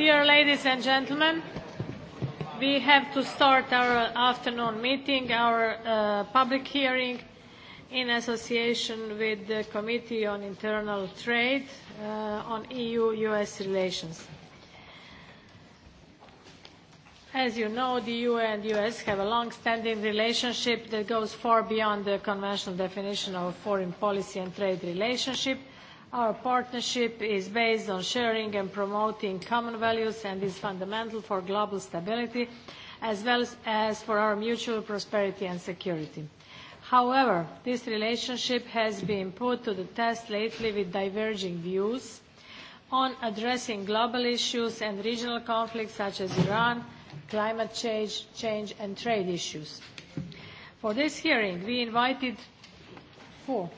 Dear ladies and gentlemen, we have to start our afternoon meeting, our uh, public hearing in association with the Committee on Internal Trade uh, on EU-US relations. As you know, the EU and US have a long-standing relationship that goes far beyond the conventional definition of foreign policy and trade relationship Our partnership is based on sharing and promoting common values and is fundamental for global stability as well as for our mutual prosperity and security. However, this relationship has been put to the test lately with diverging views on addressing global issues and regional conflicts such as Iran, climate change, change and trade issues. For this hearing, we invited four,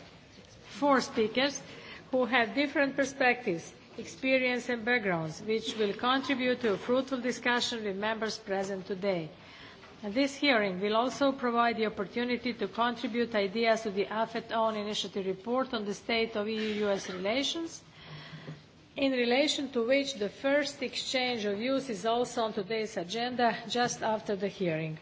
four speakers – who have different perspectives, experience and backgrounds, which will contribute to a fruitful discussion with members present today. And this hearing will also provide the opportunity to contribute ideas to the AFET own initiative report on the state of EU-US relations, in relation to which the first exchange of views is also on today's agenda just after the hearing.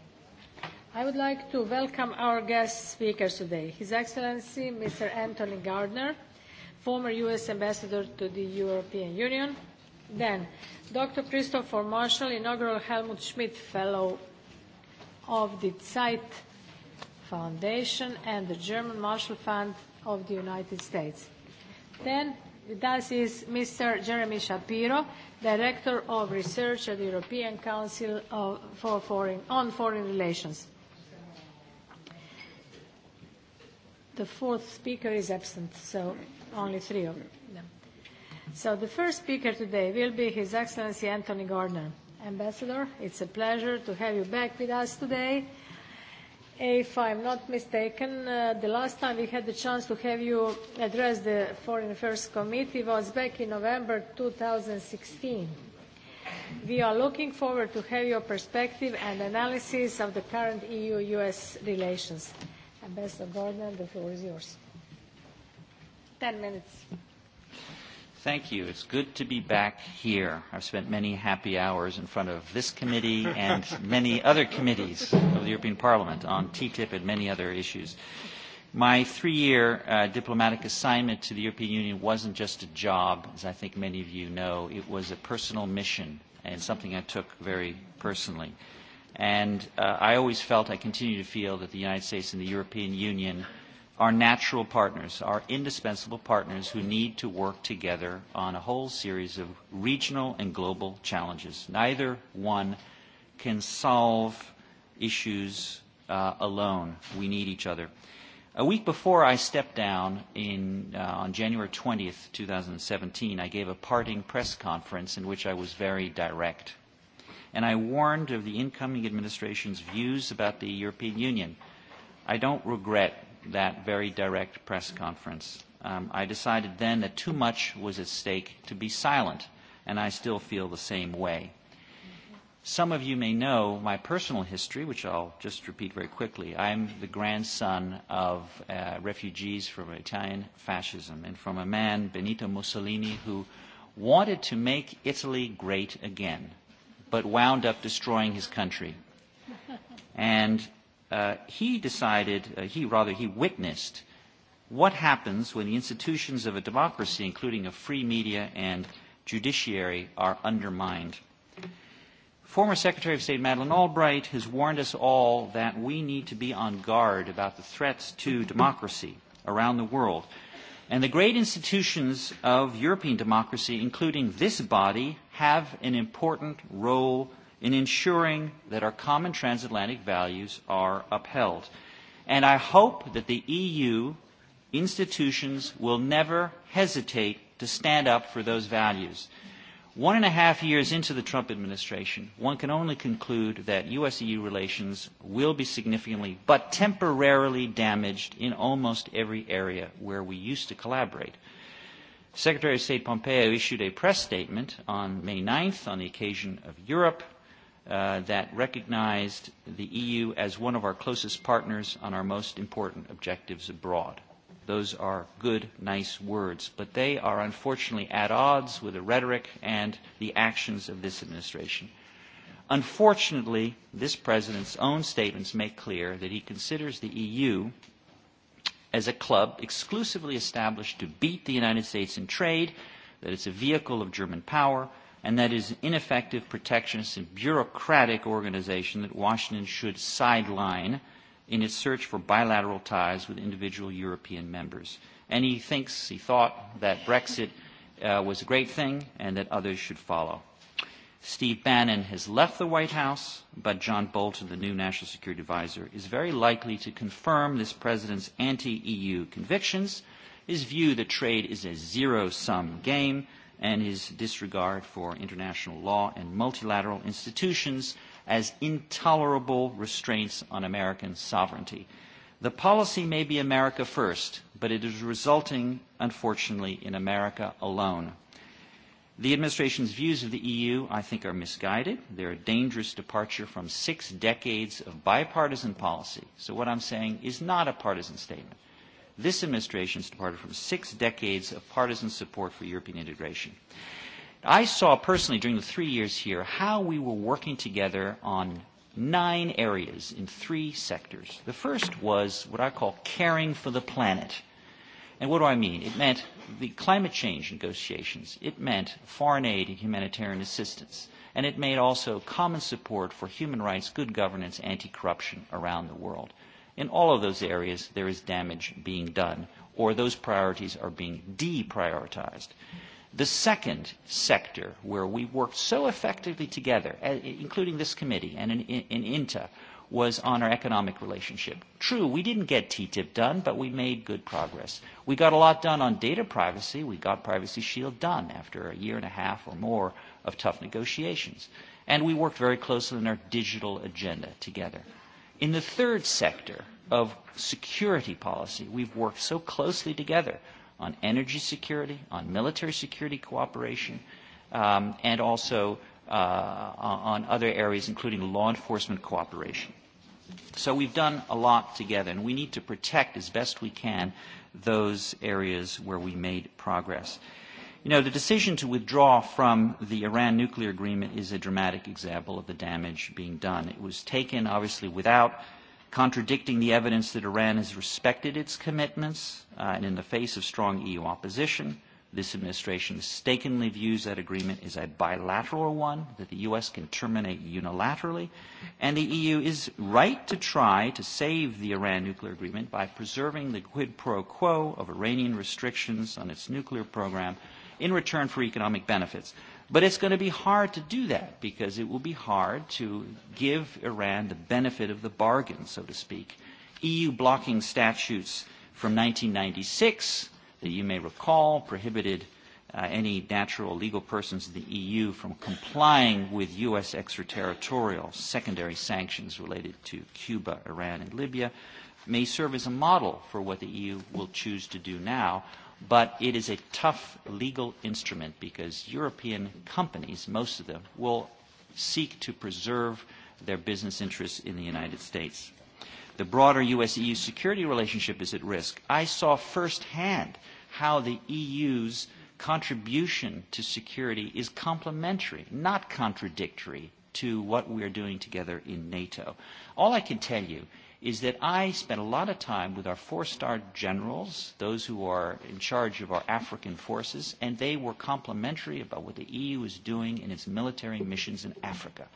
I would like to welcome our guest speakers today, His Excellency Mr. Anthony Gardner, former U.S. Ambassador to the European Union. Then, Dr. Christopher Marshall, inaugural Helmut Schmidt Fellow of the Zeit Foundation and the German Marshall Fund of the United States. Then, with us is Mr. Jeremy Shapiro, Director of Research at the European Council of, for foreign, on Foreign Relations. The fourth speaker is absent, so only three of them. So the first speaker today will be His Excellency Anthony Gardner. Ambassador, it's a pleasure to have you back with us today. If I'm not mistaken, uh, the last time we had the chance to have you address the Foreign Affairs Committee was back in November 2016. We are looking forward to have your perspective and analysis of the current EU-US relations. Ambassador Gordon, the floor is yours. 10 minutes. Thank you. It's good to be back here. I've spent many happy hours in front of this committee and many other committees of the European Parliament on TTIP and many other issues. My three-year uh, diplomatic assignment to the European Union wasn't just a job, as I think many of you know. It was a personal mission and something I took very personally. And uh, I always felt, I continue to feel, that the United States and the European Union – our natural partners, our indispensable partners who need to work together on a whole series of regional and global challenges. Neither one can solve issues uh, alone. We need each other. A week before I stepped down in, uh, on January 20th, 2017, I gave a parting press conference in which I was very direct. And I warned of the incoming administration's views about the European Union. I don't regret that very direct press conference. Um, I decided then that too much was at stake to be silent, and I still feel the same way. Some of you may know my personal history, which I'll just repeat very quickly. I'm the grandson of uh, refugees from Italian fascism and from a man, Benito Mussolini, who wanted to make Italy great again, but wound up destroying his country. And uh, he decided, uh, he rather, he witnessed what happens when the institutions of a democracy, including a free media and judiciary, are undermined. Former Secretary of State Madeleine Albright has warned us all that we need to be on guard about the threats to democracy around the world. And the great institutions of European democracy, including this body, have an important role in ensuring that our common transatlantic values are upheld. And I hope that the EU institutions will never hesitate to stand up for those values. One and a half years into the Trump administration, one can only conclude that U.S. EU relations will be significantly but temporarily damaged in almost every area where we used to collaborate. Secretary of State Pompeo issued a press statement on May 9th on the occasion of Europe Uh, that recognized the EU as one of our closest partners on our most important objectives abroad. Those are good, nice words, but they are unfortunately at odds with the rhetoric and the actions of this administration. Unfortunately, this president's own statements make clear that he considers the EU as a club exclusively established to beat the United States in trade, that it's a vehicle of German power, and that is an ineffective, protectionist, and bureaucratic organization that Washington should sideline in its search for bilateral ties with individual European members. And he thinks, he thought, that Brexit uh, was a great thing and that others should follow. Steve Bannon has left the White House, but John Bolton, the new National Security Advisor, is very likely to confirm this president's anti-EU convictions, his view that trade is a zero-sum game, and his disregard for international law and multilateral institutions as intolerable restraints on American sovereignty. The policy may be America first, but it is resulting, unfortunately, in America alone. The administration's views of the EU, I think, are misguided. They're a dangerous departure from six decades of bipartisan policy. So what I'm saying is not a partisan statement. This administration has departed from six decades of partisan support for European integration. I saw personally during the three years here how we were working together on nine areas in three sectors. The first was what I call caring for the planet. And what do I mean? It meant the climate change negotiations. It meant foreign aid and humanitarian assistance. And it made also common support for human rights, good governance, anti-corruption around the world in all of those areas there is damage being done or those priorities are being deprioritized. The second sector where we worked so effectively together, eh, including this committee and in, in, in INTA, was on our economic relationship. True, we didn't get TTIP done, but we made good progress. We got a lot done on data privacy. We got Privacy Shield done after a year and a half or more of tough negotiations. And we worked very closely on our digital agenda together. In the third sector of security policy, we've worked so closely together on energy security, on military security cooperation, um, and also uh, on other areas, including law enforcement cooperation. So we've done a lot together, and we need to protect as best we can those areas where we made progress. You know, the decision to withdraw from the Iran nuclear agreement is a dramatic example of the damage being done. It was taken, obviously, without contradicting the evidence that Iran has respected its commitments, uh, and in the face of strong EU opposition, this administration mistakenly views that agreement as a bilateral one that the U.S. can terminate unilaterally, and the EU is right to try to save the Iran nuclear agreement by preserving the quid pro quo of Iranian restrictions on its nuclear program in return for economic benefits. But it's going to be hard to do that because it will be hard to give Iran the benefit of the bargain, so to speak. EU blocking statutes from 1996 that you may recall prohibited uh, any natural legal persons in the EU from complying with U.S. extraterritorial secondary sanctions related to Cuba, Iran, and Libya may serve as a model for what the EU will choose to do now but it is a tough legal instrument because European companies, most of them, will seek to preserve their business interests in the United States. The broader U.S.-EU e security relationship is at risk. I saw firsthand how the EU's contribution to security is complementary, not contradictory, to what we are doing together in NATO. All I can tell you is that I spent a lot of time with our four-star generals, those who are in charge of our African forces, and they were complimentary about what the EU is doing in its military missions in Africa.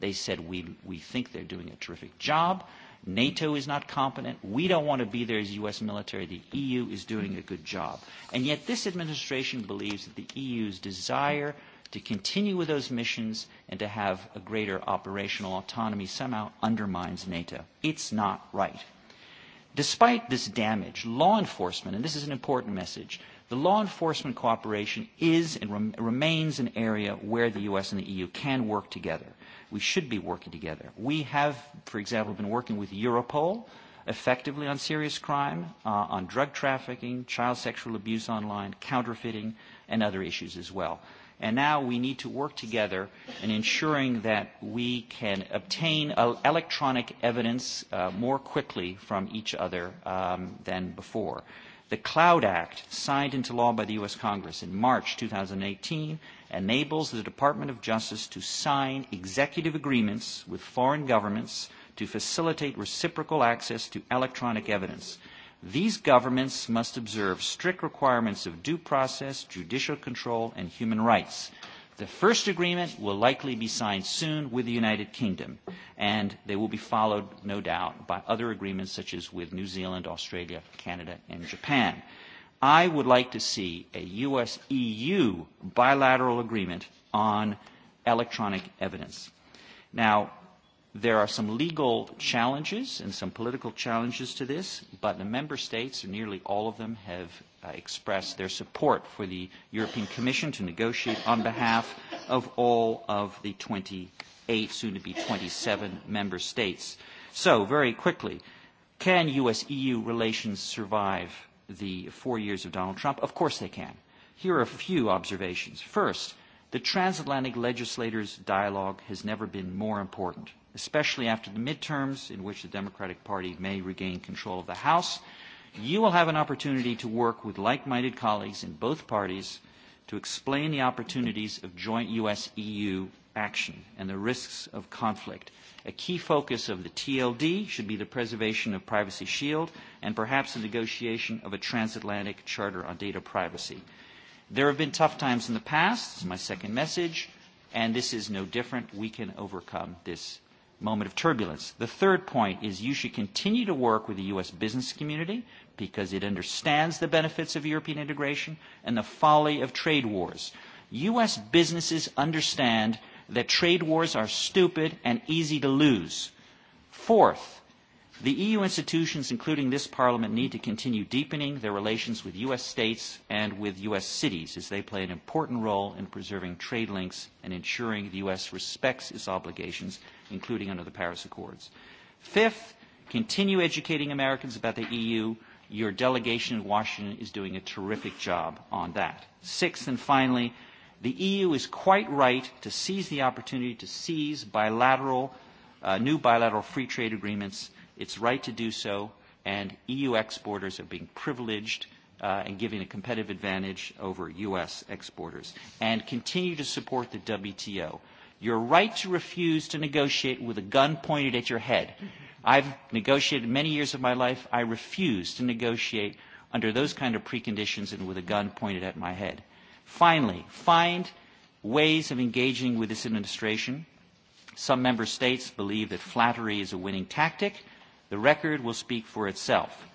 They said, we, we think they're doing a terrific job. NATO is not competent. We don't want to be there as U.S. military. The EU is doing a good job. And yet this administration believes that the EU's desire – to continue with those missions and to have a greater operational autonomy somehow undermines NATO. It's not right. Despite this damage, law enforcement, and this is an important message, the law enforcement cooperation is and rem- remains an area where the US and the EU can work together. We should be working together. We have, for example, been working with Europol effectively on serious crime, uh, on drug trafficking, child sexual abuse online, counterfeiting, and other issues as well. And now we need to work together in ensuring that we can obtain uh, electronic evidence uh, more quickly from each other um, than before. The Cloud Act, signed into law by the U.S. Congress in March 2018, enables the Department of Justice to sign executive agreements with foreign governments to facilitate reciprocal access to electronic evidence – These governments must observe strict requirements of due process, judicial control, and human rights. The first agreement will likely be signed soon with the United Kingdom, and they will be followed, no doubt, by other agreements such as with New Zealand, Australia, Canada, and Japan. I would like to see a U.S.-EU e bilateral agreement on electronic evidence. Now, There are some legal challenges and some political challenges to this, but the member states, nearly all of them, have uh, expressed their support for the European Commission to negotiate on behalf of all of the 28, soon to be 27 member states. So, very quickly, can U.S.-EU e relations survive the four years of Donald Trump? Of course they can. Here are a few observations. First, the transatlantic legislators' dialogue has never been more important especially after the midterms in which the Democratic Party may regain control of the House. You will have an opportunity to work with like-minded colleagues in both parties to explain the opportunities of joint U.S.-EU e action and the risks of conflict. A key focus of the TLD should be the preservation of Privacy Shield and perhaps the negotiation of a transatlantic charter on data privacy. There have been tough times in the past, my second message, and this is no different. We can overcome this moment of turbulence. The third point is you should continue to work with the U.S. business community because it understands the benefits of European integration and the folly of trade wars. U.S. businesses understand that trade wars are stupid and easy to lose. Fourth, The EU institutions, including this Parliament, need to continue deepening their relations with U.S. states and with U.S. cities as they play an important role in preserving trade links and ensuring the U.S. respects its obligations, including under the Paris Accords. Fifth, continue educating Americans about the EU. Your delegation in Washington is doing a terrific job on that. Sixth and finally, the EU is quite right to seize the opportunity to seize bilateral, uh, new bilateral free trade agreements – It's right to do so, and EU exporters are being privileged uh, and giving a competitive advantage over U.S. exporters. And continue to support the WTO. Your right to refuse to negotiate with a gun pointed at your head. I've negotiated many years of my life. I refuse to negotiate under those kind of preconditions and with a gun pointed at my head. Finally, find ways of engaging with this administration. Some member states believe that flattery is a winning tactic. The record will speak for itself.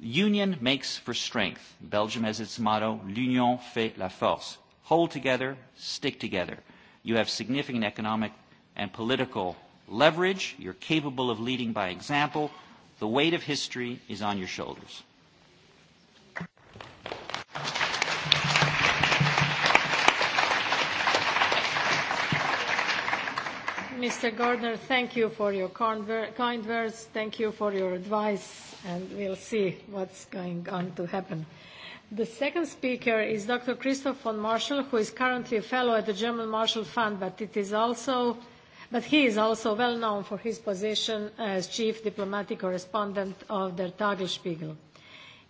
Union makes for strength. Belgium has its motto, l'union fait la force. Hold together, stick together. You have significant economic and political leverage. You're capable of leading by example. The weight of history is on your shoulders. Mr. Gardner, thank you for your kind words. Thank you for your advice, and we'll see what's going on to happen. The second speaker is Dr. Christoph von Marschall, who is currently a fellow at the German Marshall Fund, but it is also but he is also well known for his position as chief diplomatic correspondent of Der Tagesspiegel.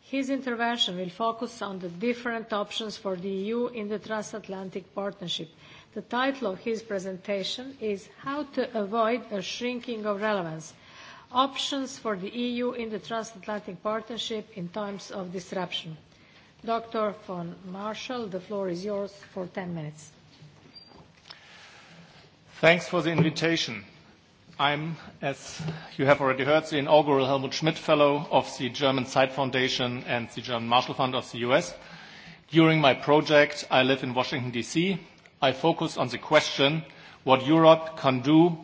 His intervention will focus on the different options for the EU in the transatlantic partnership – The title of his presentation is How to Avoid a Shrinking of Relevance Options for the EU in the Transatlantic Partnership in Times of Disruption. Dr. von Marshall, the floor is yours for 10 minutes. Thanks for the invitation. I'm, as you have already heard, the inaugural Helmut Schmidt Fellow of the German Zeit Foundation and the German Marshall Fund of the US. During my project, I live in Washington, D.C., I focus on the question what Europe can do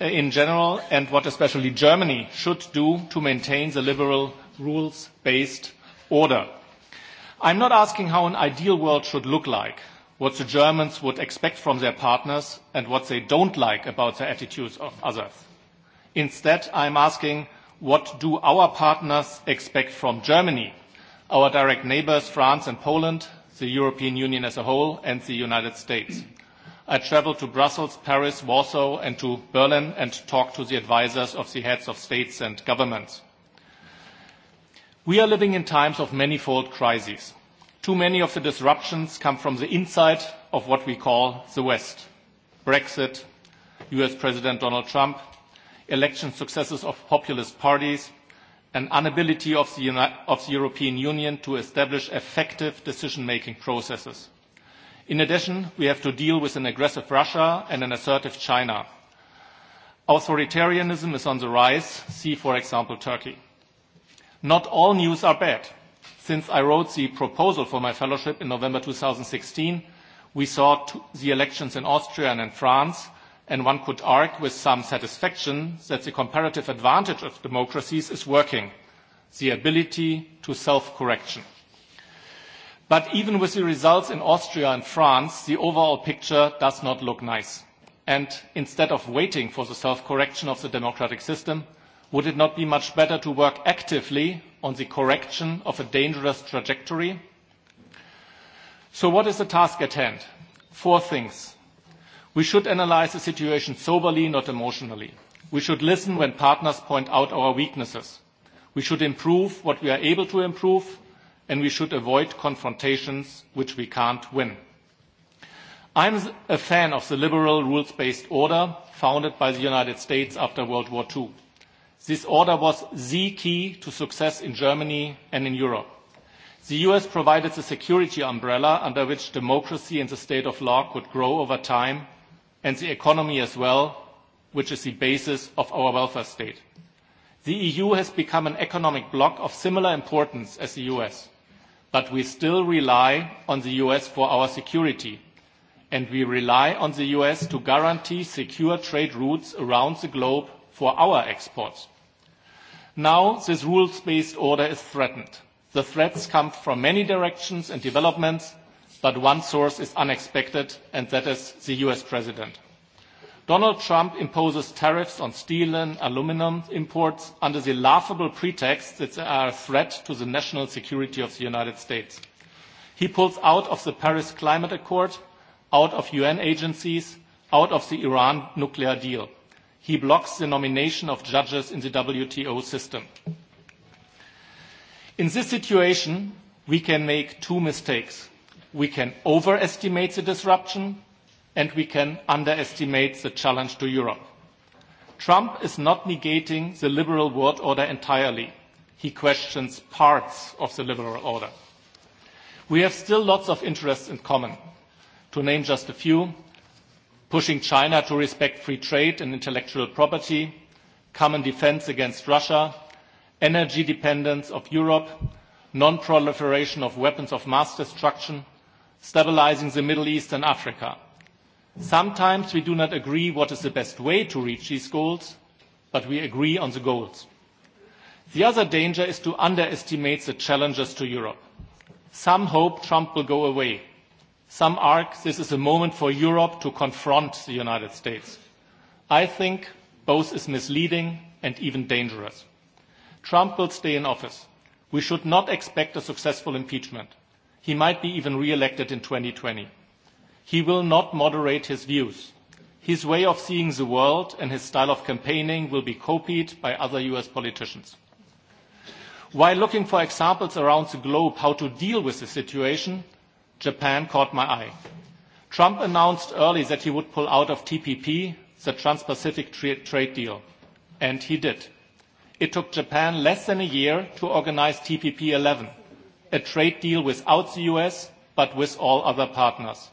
uh, in general and what especially Germany should do to maintain the liberal rules-based order. I'm not asking how an ideal world should look like, what the Germans would expect from their partners and what they don't like about the attitudes of others. Instead, I'm asking what do our partners expect from Germany, our direct neighbors France and Poland, the European Union as a whole, and the United States. I traveled to Brussels, Paris, Warsaw, and to Berlin and talked to the advisors of the heads of states and governments. We are living in times of manifold crises. Too many of the disruptions come from the inside of what we call the West. Brexit, US President Donald Trump, election successes of populist parties, an inability of the, European Union to establish effective decision-making processes. In addition, we have to deal with an aggressive Russia and an assertive China. Authoritarianism is on the rise, see for example Turkey. Not all news are bad. Since I wrote the proposal for my fellowship in November 2016, we saw the elections in Austria and in France, and one could argue with some satisfaction that the comparative advantage of democracies is working, the ability to self-correction. But even with the results in Austria and France, the overall picture does not look nice. And instead of waiting for the self-correction of the democratic system, would it not be much better to work actively on the correction of a dangerous trajectory? So what is the task at hand? Four things We should analyze the situation soberly, not emotionally. We should listen when partners point out our weaknesses. We should improve what we are able to improve, and we should avoid confrontations which we can't win. I'm a fan of the liberal rules-based order founded by the United States after World War II. This order was the key to success in Germany and in Europe. The US provided the security umbrella under which democracy and the state of law could grow over time and the economy as well, which is the basis of our welfare state. The EU has become an economic bloc of similar importance as the US, but we still rely on the US for our security, and we rely on the US to guarantee secure trade routes around the globe for our exports. Now, this rules-based order is threatened. The threats come from many directions and developments, but one source is unexpected, and that is the US president. Donald Trump imposes tariffs on steel and aluminium imports under the laughable pretext that they are a threat to the national security of the United States. He pulls out of the Paris Climate Accord, out of UN agencies, out of the Iran nuclear deal. He blocks the nomination of judges in the WTO system. In this situation, we can make two mistakes we can overestimate the disruption and we can underestimate the challenge to Europe. Trump is not negating the liberal world order entirely. He questions parts of the liberal order. We have still lots of interests in common. To name just a few, pushing China to respect free trade and intellectual property, common defense against Russia, energy dependence of Europe, non-proliferation of weapons of mass destruction, stabilizing the Middle East and Africa. Sometimes we do not agree what is the best way to reach these goals, but we agree on the goals. The other danger is to underestimate the challenges to Europe. Some hope Trump will go away. Some argue this is a moment for Europe to confront the United States. I think both is misleading and even dangerous. Trump will stay in office. We should not expect a successful impeachment he might be even re-elected in 2020. He will not moderate his views. His way of seeing the world and his style of campaigning will be copied by other US politicians. While looking for examples around the globe how to deal with the situation, Japan caught my eye. Trump announced early that he would pull out of TPP, the Trans-Pacific Trade Deal, and he did. It took Japan less than a year to organize TPP 11 a trade deal without the US, but with all other partners.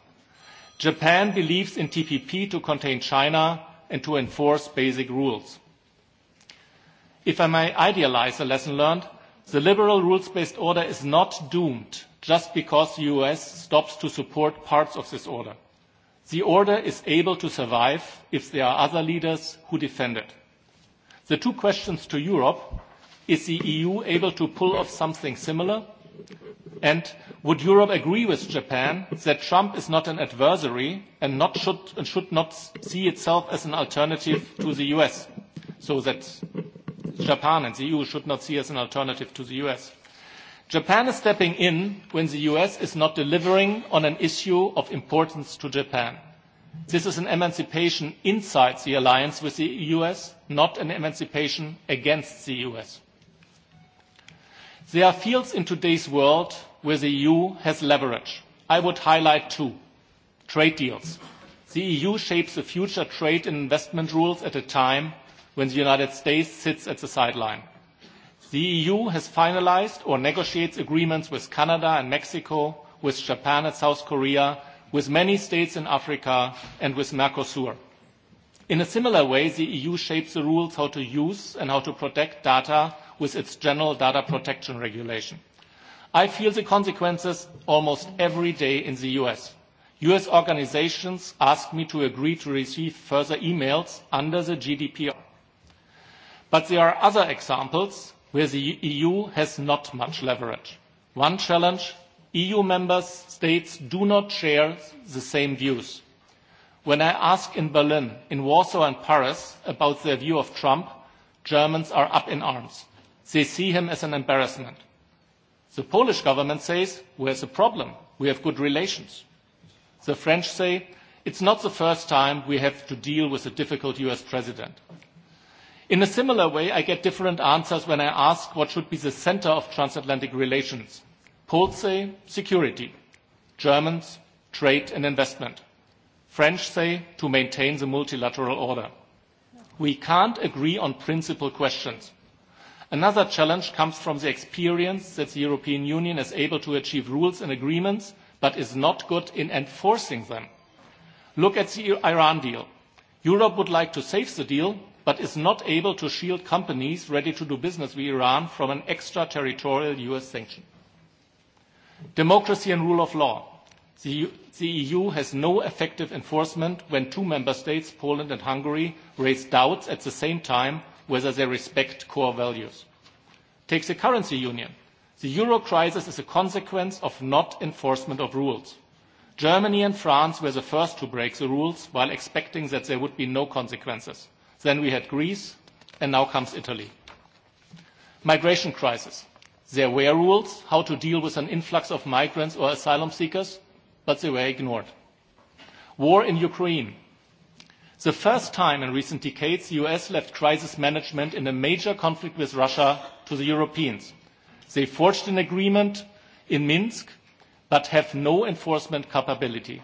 Japan believes in TPP to contain China and to enforce basic rules. If I may idealize a lesson learned, the liberal rules-based order is not doomed just because the US stops to support parts of this order. The order is able to survive if there are other leaders who defend it. The two questions to Europe, is the EU able to pull off something similar? And would Europe agree with Japan that Trump is not an adversary and should, should not see itself as an alternative to the US? So that Japan and the EU should not see as an alternative to the US. Japan is stepping in when the US is not delivering on an issue of importance to Japan. This is an emancipation inside the alliance with the US, not an emancipation against the US. There are fields in today's world where the EU has leverage. I would highlight two. Trade deals. The EU shapes the future trade and investment rules at a time when the United States sits at the sideline. The EU has finalized or negotiates agreements with Canada and Mexico, with Japan and South Korea, with many states in Africa, and with Mercosur. In a similar way, the EU shapes the rules how to use and how to protect data with its general data protection regulation. I feel the consequences almost every day in the US. US organizations ask me to agree to receive further emails under the GDPR. But there are other examples where the EU has not much leverage. One challenge, EU member states do not share the same views. When I ask in Berlin, in Warsaw and Paris about their view of Trump, Germans are up in arms. They see him as an embarrassment. The Polish government says, where's the problem? We have good relations. The French say, it's not the first time we have to deal with a difficult US president. In a similar way, I get different answers when I ask what should be the center of transatlantic relations. Poles say security. Germans, trade and investment. French say to maintain the multilateral order. We can't agree on principal questions. Another challenge comes from the experience that the European Union is able to achieve rules and agreements, but is not good in enforcing them. Look at the Iran deal. Europe would like to save the deal, but is not able to shield companies ready to do business with Iran from an extraterritorial U.S. sanction. Democracy and rule of law. The, EU e has no effective enforcement when two member states, Poland and Hungary, raise doubts at the same time whether they respect core values. Take the currency union. The euro crisis is a consequence of not enforcement of rules. Germany and France were the first to break the rules while expecting that there would be no consequences. Then we had Greece, and now comes Italy. Migration crisis. There were rules how to deal with an influx of migrants or asylum seekers, but they were ignored. War in Ukraine the first time in recent decades the us left crisis management in a major conflict with russia to the europeans. they forged an agreement in minsk but have no enforcement capability.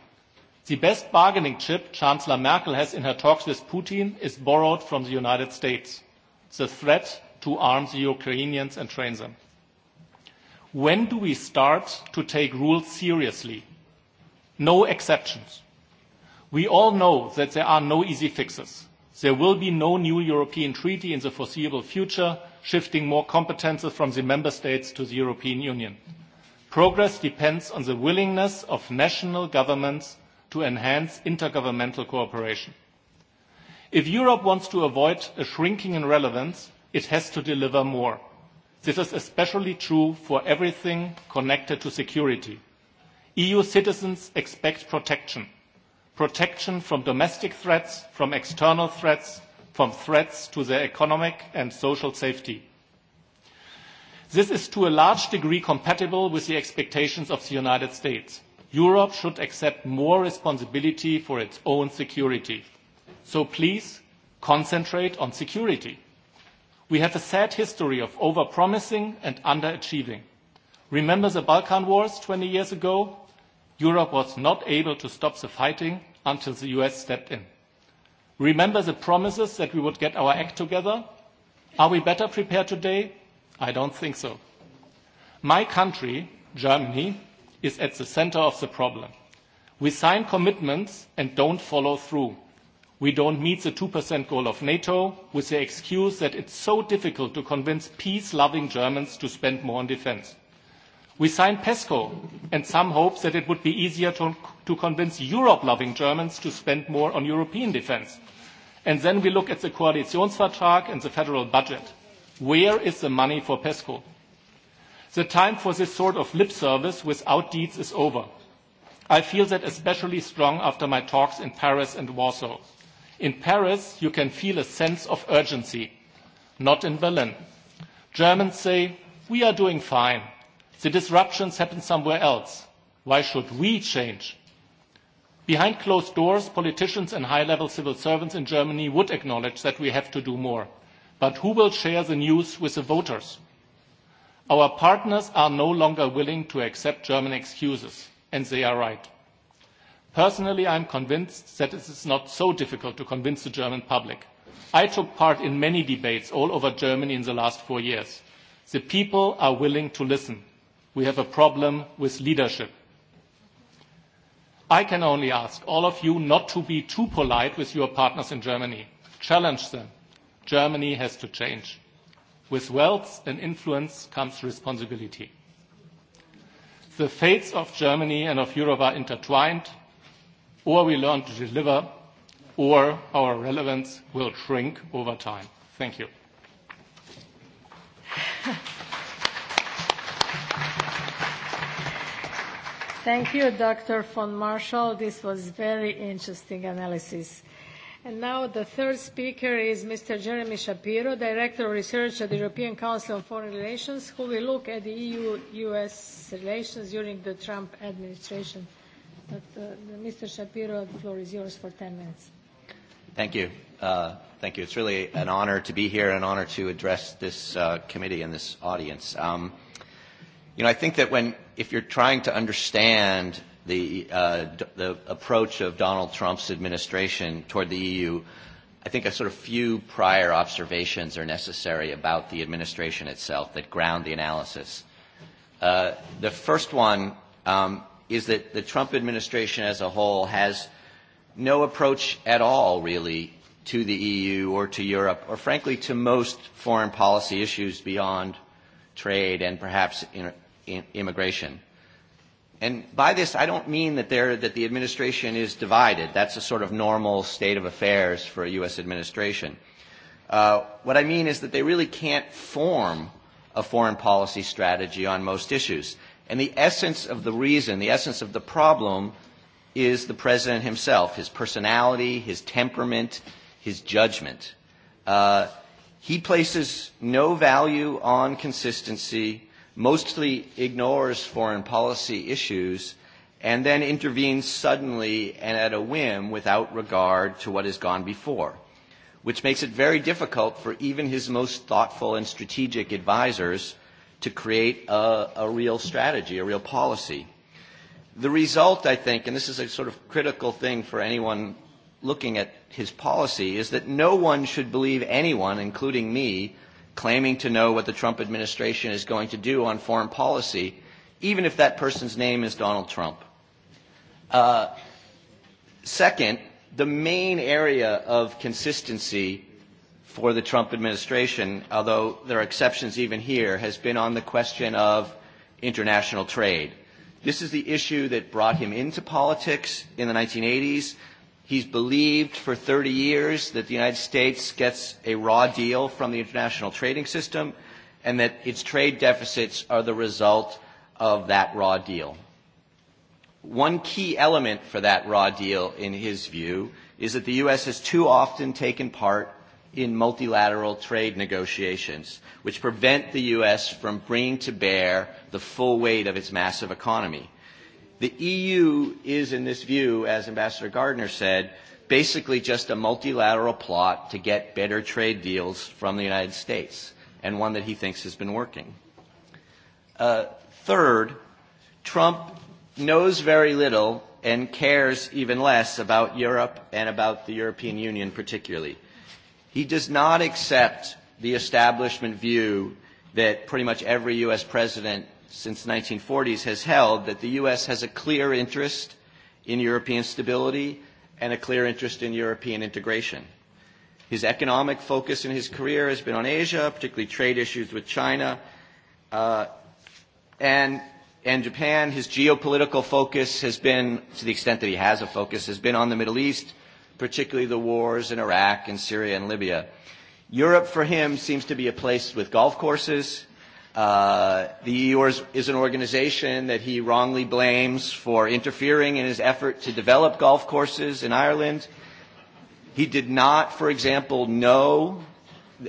the best bargaining chip chancellor merkel has in her talks with putin is borrowed from the united states the threat to arm the ukrainians and train them. when do we start to take rules seriously? no exceptions We all know that there are no easy fixes. There will be no new European treaty in the foreseeable future, shifting more competences from the member states to the European Union. Progress depends on the willingness of national governments to enhance intergovernmental cooperation. If Europe wants to avoid a shrinking in relevance, it has to deliver more. This is especially true for everything connected to security. EU citizens expect protection protection from domestic threats, from external threats, from threats to their economic and social safety. This is to a large degree compatible with the expectations of the United States. Europe should accept more responsibility for its own security. So please concentrate on security. We have a sad history of overpromising and underachieving. Remember the Balkan Wars 20 years ago? Europe was not able to stop the fighting until the US stepped in. Remember the promises that we would get our act together? Are we better prepared today? I don't think so. My country, Germany, is at the center of the problem. We sign commitments and don't follow through. We don't meet the 2% goal of NATO with the excuse that it's so difficult to convince peace-loving Germans to spend more on defense. We signed PESCO, and some hopes that it would be easier to, to convince Europe-loving Germans to spend more on European defense. And then we look at the Koalitionsvertrag and the federal budget. Where is the money for PESCO? The time for this sort of lip service without deeds is over. I feel that especially strong after my talks in Paris and Warsaw. In Paris, you can feel a sense of urgency. Not in Berlin. Germans say, we are doing fine The disruptions happen somewhere else. Why should we change? Behind closed doors, politicians and high-level civil servants in Germany would acknowledge that we have to do more. But who will share the news with the voters? Our partners are no longer willing to accept German excuses, and they are right. Personally, I am convinced that it is not so difficult to convince the German public. I took part in many debates all over Germany in the last four years. The people are willing to listen we have a problem with leadership. I can only ask all of you not to be too polite with your partners in Germany. Challenge them. Germany has to change. With wealth and influence comes responsibility. The fates of Germany and of Europe are intertwined, or we learn to deliver, or our relevance will shrink over time. Thank you. Thank you, Dr. von Marshall. This was very interesting analysis. And now the third speaker is Mr. Jeremy Shapiro, Director of Research at the European Council on Foreign Relations, who will look at the EU-US relations during the Trump administration. But, uh, Mr. Shapiro, the floor is yours for 10 minutes. Thank you. Uh, thank you. It's really an honor to be here, an honor to address this uh, committee and this audience. Um, You know, I think that when, if you're trying to understand the, uh, the approach of Donald Trump's administration toward the EU, I think a sort of few prior observations are necessary about the administration itself that ground the analysis. Uh, the first one um, is that the Trump administration as a whole has no approach at all, really, to the EU or to Europe, or frankly to most foreign policy issues beyond trade and perhaps immigration. And by this, I don't mean that, there, that the administration is divided. That's a sort of normal state of affairs for a U.S. administration. Uh, what I mean is that they really can't form a foreign policy strategy on most issues. And the essence of the reason, the essence of the problem, is the president himself, his personality, his temperament, his judgment. Uh, he places no value on consistency mostly ignores foreign policy issues and then intervenes suddenly and at a whim without regard to what has gone before, which makes it very difficult for even his most thoughtful and strategic advisers to create a, a real strategy, a real policy. The result, I think, and this is a sort of critical thing for anyone looking at his policy, is that no one should believe anyone, including me, claiming to know what the Trump administration is going to do on foreign policy, even if that person's name is Donald Trump. Uh, second, the main area of consistency for the Trump administration, although there are exceptions even here, has been on the question of international trade. This is the issue that brought him into politics in the 1980s. He's believed for 30 years that the United States gets a raw deal from the international trading system and that its trade deficits are the result of that raw deal. One key element for that raw deal, in his view, is that the U.S. has too often taken part in multilateral trade negotiations, which prevent the U.S. from bringing to bear the full weight of its massive economy. The EU is, in this view, as Ambassador Gardner said, basically just a multilateral plot to get better trade deals from the United States, and one that he thinks has been working. Uh, third, Trump knows very little and cares even less about Europe and about the European Union particularly. He does not accept the establishment view that pretty much every U.S. president since the 1940s has held that the U.S. has a clear interest in European stability and a clear interest in European integration. His economic focus in his career has been on Asia, particularly trade issues with China uh, and, and Japan. His geopolitical focus has been, to the extent that he has a focus, has been on the Middle East, particularly the wars in Iraq and Syria and Libya. Europe for him seems to be a place with golf courses – Uh, the EU is an organization that he wrongly blames for interfering in his effort to develop golf courses in Ireland. He did not, for example, know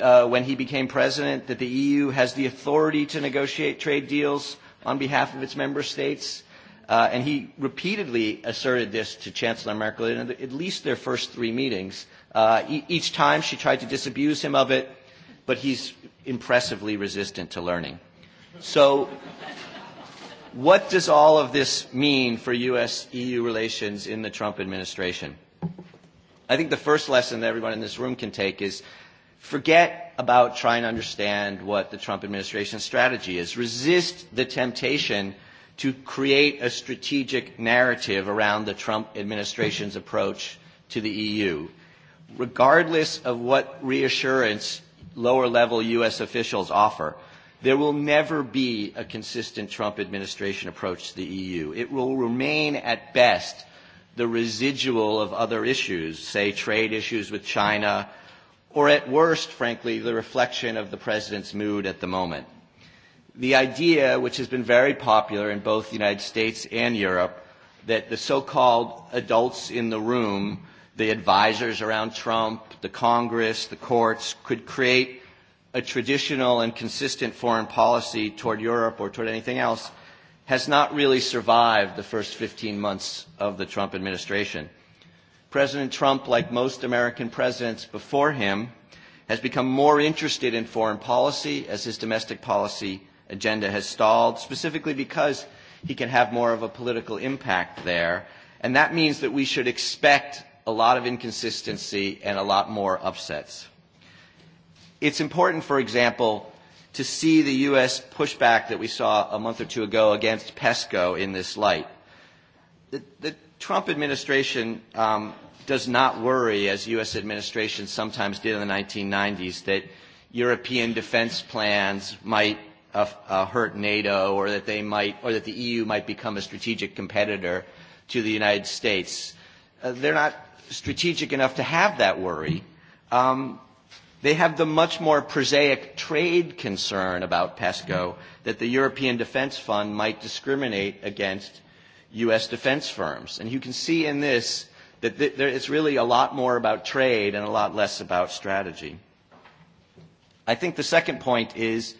uh, when he became president that the EU has the authority to negotiate trade deals on behalf of its member states. Uh, and he repeatedly asserted this to Chancellor Merkel in at least their first three meetings. Uh, e each time she tried to disabuse him of it, but he's impressively resistant to learning. So what does all of this mean for U.S.-EU e relations in the Trump administration? I think the first lesson that everyone in this room can take is forget about trying to understand what the Trump administration's strategy is. Resist the temptation to create a strategic narrative around the Trump administration's approach to the EU, regardless of what reassurance lower-level U.S. officials offer, there will never be a consistent Trump administration approach to the EU. It will remain, at best, the residual of other issues, say trade issues with China, or at worst, frankly, the reflection of the president's mood at the moment. The idea, which has been very popular in both the United States and Europe, that the so-called adults in the room – the advisors around Trump, the Congress, the courts could create a traditional and consistent foreign policy toward Europe or toward anything else has not really survived the first 15 months of the Trump administration. President Trump, like most American presidents before him, has become more interested in foreign policy as his domestic policy agenda has stalled, specifically because he can have more of a political impact there. And that means that we should expect a lot of inconsistency and a lot more upsets. It's important, for example, to see the U.S. pushback that we saw a month or two ago against PESCO in this light. The, the Trump administration um, does not worry, as U.S. administrations sometimes did in the 1990s, that European defense plans might uh, uh, hurt NATO or that they might, or that the EU might become a strategic competitor to the United States. Uh, they're not strategic enough to have that worry. Um, they have the much more prosaic trade concern about PESCO that the European Defense Fund might discriminate against U.S. defense firms. And you can see in this that th- there, it's really a lot more about trade and a lot less about strategy. I think the second point is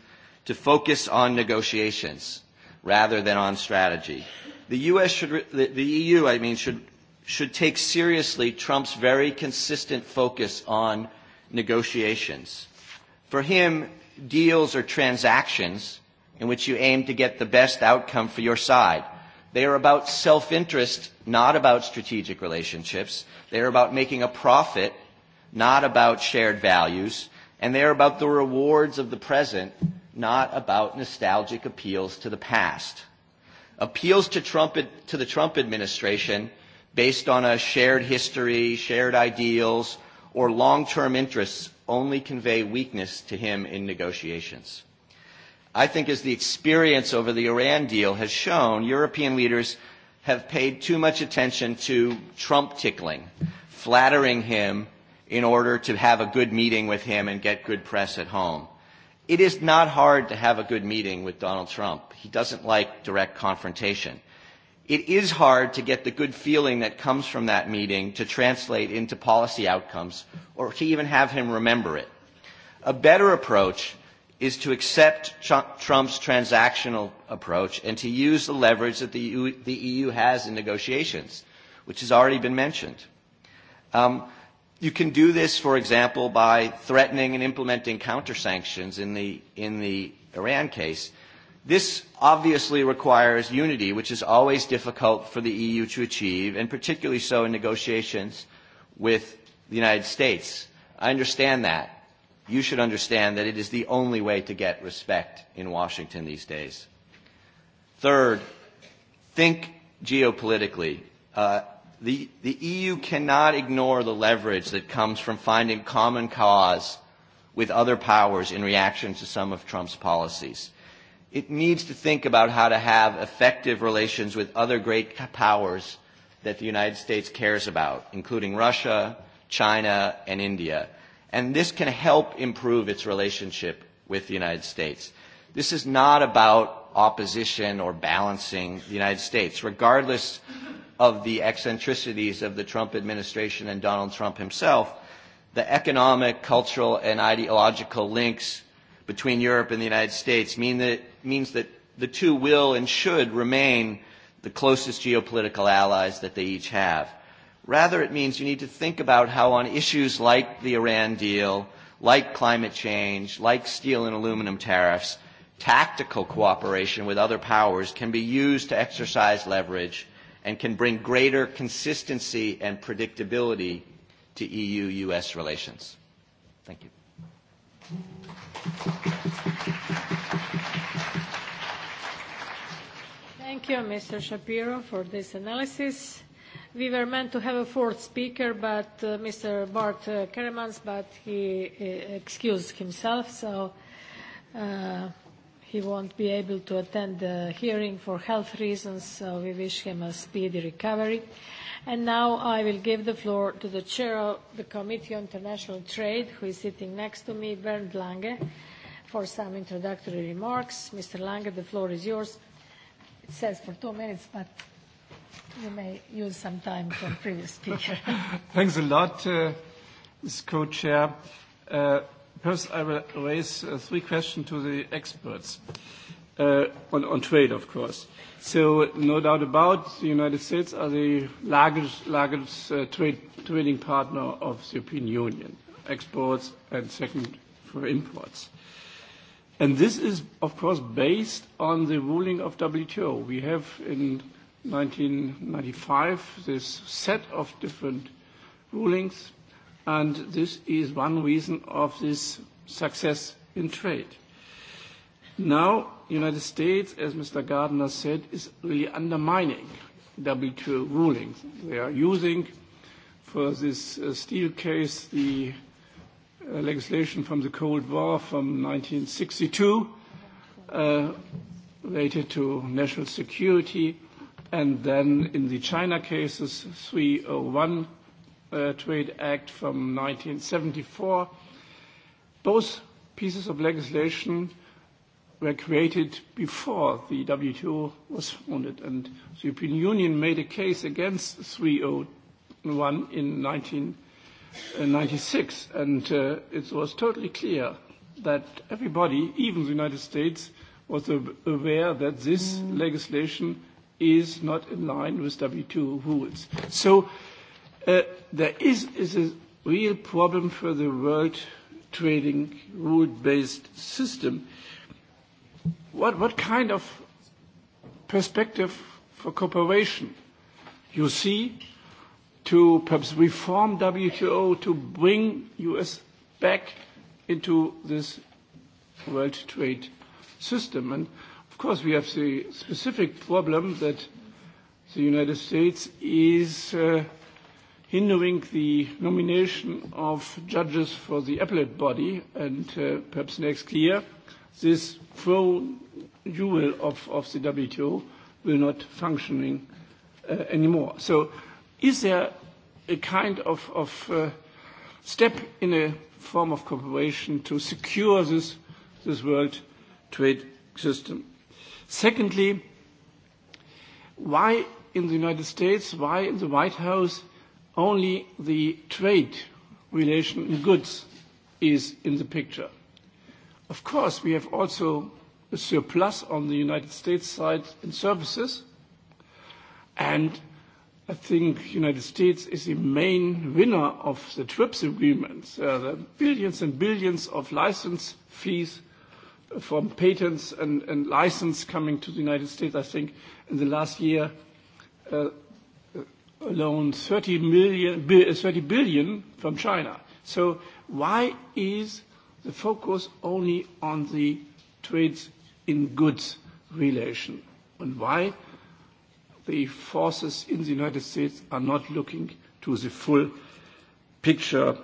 to focus on negotiations rather than on strategy. The U.S. should, the, the EU, I mean, should should take seriously Trump's very consistent focus on negotiations. For him, deals are transactions in which you aim to get the best outcome for your side. They are about self-interest, not about strategic relationships. They are about making a profit, not about shared values. And they are about the rewards of the present, not about nostalgic appeals to the past. Appeals to, Trump, to the Trump administration based on a shared history, shared ideals, or long-term interests only convey weakness to him in negotiations. I think as the experience over the Iran deal has shown, European leaders have paid too much attention to Trump tickling, flattering him in order to have a good meeting with him and get good press at home. It is not hard to have a good meeting with Donald Trump. He doesn't like direct confrontation it is hard to get the good feeling that comes from that meeting to translate into policy outcomes or to even have him remember it. A better approach is to accept Trump's transactional approach and to use the leverage that the EU, the EU has in negotiations, which has already been mentioned. Um, you can do this, for example, by threatening and implementing counter sanctions in the, in the Iran case This obviously requires unity, which is always difficult for the EU to achieve, and particularly so in negotiations with the United States. I understand that. You should understand that it is the only way to get respect in Washington these days. Third, think geopolitically. Uh, the, the EU cannot ignore the leverage that comes from finding common cause with other powers in reaction to some of Trump's policies it needs to think about how to have effective relations with other great powers that the United States cares about, including Russia, China, and India. And this can help improve its relationship with the United States. This is not about opposition or balancing the United States, regardless of the eccentricities of the Trump administration and Donald Trump himself. The economic, cultural, and ideological links between Europe and the United States mean that, means that the two will and should remain the closest geopolitical allies that they each have. Rather, it means you need to think about how on issues like the Iran deal, like climate change, like steel and aluminum tariffs, tactical cooperation with other powers can be used to exercise leverage and can bring greater consistency and predictability to EU-US relations. Thank you. Thank you, Mr. Shapiro, for this analysis. We were meant to have a fourth speaker, but uh, Mr. Bart uh, Keremans, but he uh, excused himself, so uh, he won't be able to attend the hearing for health reasons, so we wish him a speedy recovery. And now I will give the floor to the chair of the Committee on International Trade, who is sitting next to me, Bernd Lange, for some introductory remarks. Mr. Lange, the floor is yours. It says for two minutes, but you may use some time from previous speaker. Thanks a lot, uh, Co-Chair. Uh, First, I will raise uh, three questions to the experts uh, on, on trade, of course. So no doubt about the United States are the largest, largest uh, trade, trading partner of the European Union, exports and second for imports. And this is, of course, based on the ruling of WTO. We have in 1995 this set of different rulings and this is one reason of this success in trade. Now, United States, as Mr. Gardner said, is really undermining WTO rulings. They are using for this uh, steel case the uh, legislation from the Cold War from 1962 uh, related to national security, and then in the China cases, 301 Uh, Trade Act from 1974. Both pieces of legislation were created before the WTO was founded, and the European Union made a case against 301 in 1996, uh, and uh, it was totally clear that everybody, even the United States, was aware that this mm. legislation is not in line with WTO rules. So Uh, there is, is a real problem for the world trading rule-based system. What, what kind of perspective for cooperation you see to perhaps reform WTO to bring US back into this world trade system? And of course, we have the specific problem that the United States is uh, hindering the nomination of judges for the appellate body, and uh, perhaps next year, this pro jewel of, of the WTO will not functioning uh, anymore. So is there a kind of, of uh, step in a form of cooperation to secure this, this world trade system? Secondly, why in the United States, why in the White House only the trade relation in goods is in the picture. Of course, we have also a surplus on the United States side in services, and I think United States is the main winner of the TRIPS agreements. Uh, the billions and billions of license fees from patents and, and license coming to the United States, I think in the last year, uh, alone 30, million, 30 uh, billion from China. So why is the focus only on the trades in goods relation? And why the forces in the United States are not looking to the full picture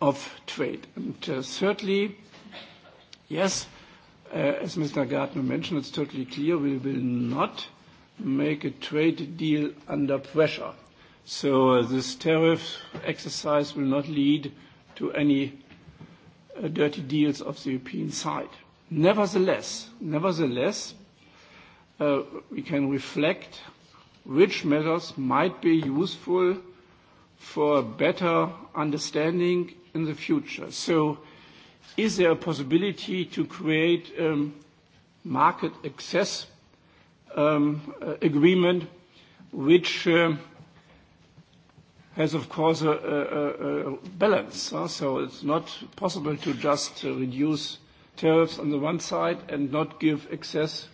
of trade? And uh, thirdly, yes, uh, as Mr. Gardner mentioned, it's totally clear we will not make a trade deal under pressure. So uh, this tariff exercise will not lead to any uh, dirty deals of the European side. Nevertheless, nevertheless, uh, we can reflect which measures might be useful for a better understanding in the future. So is there a possibility to create um, market access um, uh, agreement, which uh, has, of course, a, a, a balance. Huh? So it's not possible to just uh, reduce tariffs on the one side and not give access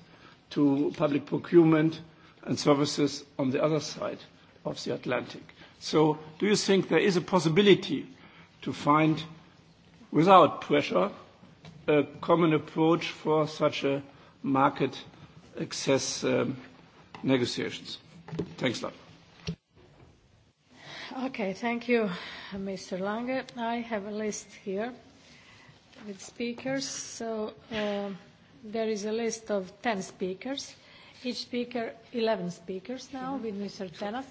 to public procurement and services on the other side of the Atlantic. So do you think there is a possibility to find, without pressure, a common approach for such a market access um, negotiations. Thanks a lot. Okay, thank you, Mr. Lange. I have a list here with speakers. So uh, there is a list of 10 speakers. Each speaker, 11 speakers now with Mr. Tenak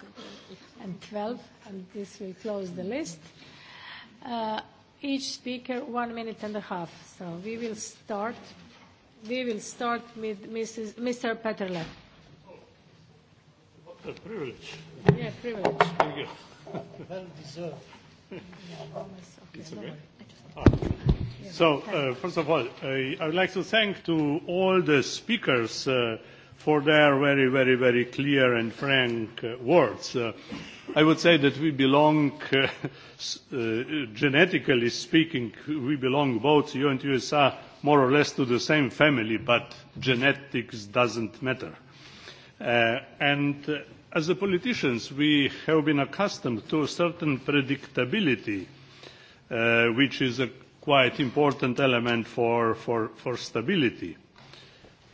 and 12, and this will close the list. Uh, each speaker, one minute and a half. So we will start we will start with Mr. Peterle. A privilege. Yeah, privilege. Thank you. well deserved. It's okay. Ah. So, uh, first of all, I would like to thank to all the speakers uh, for their very, very, very clear and frank uh, words. I would say that we belong, genetically speaking, we belong both you and USA more or less to the same family, but genetics doesn't matter. Uh, and uh, as a politicians, we have been accustomed to a certain predictability, uh, which is a quite important element for, for, for stability.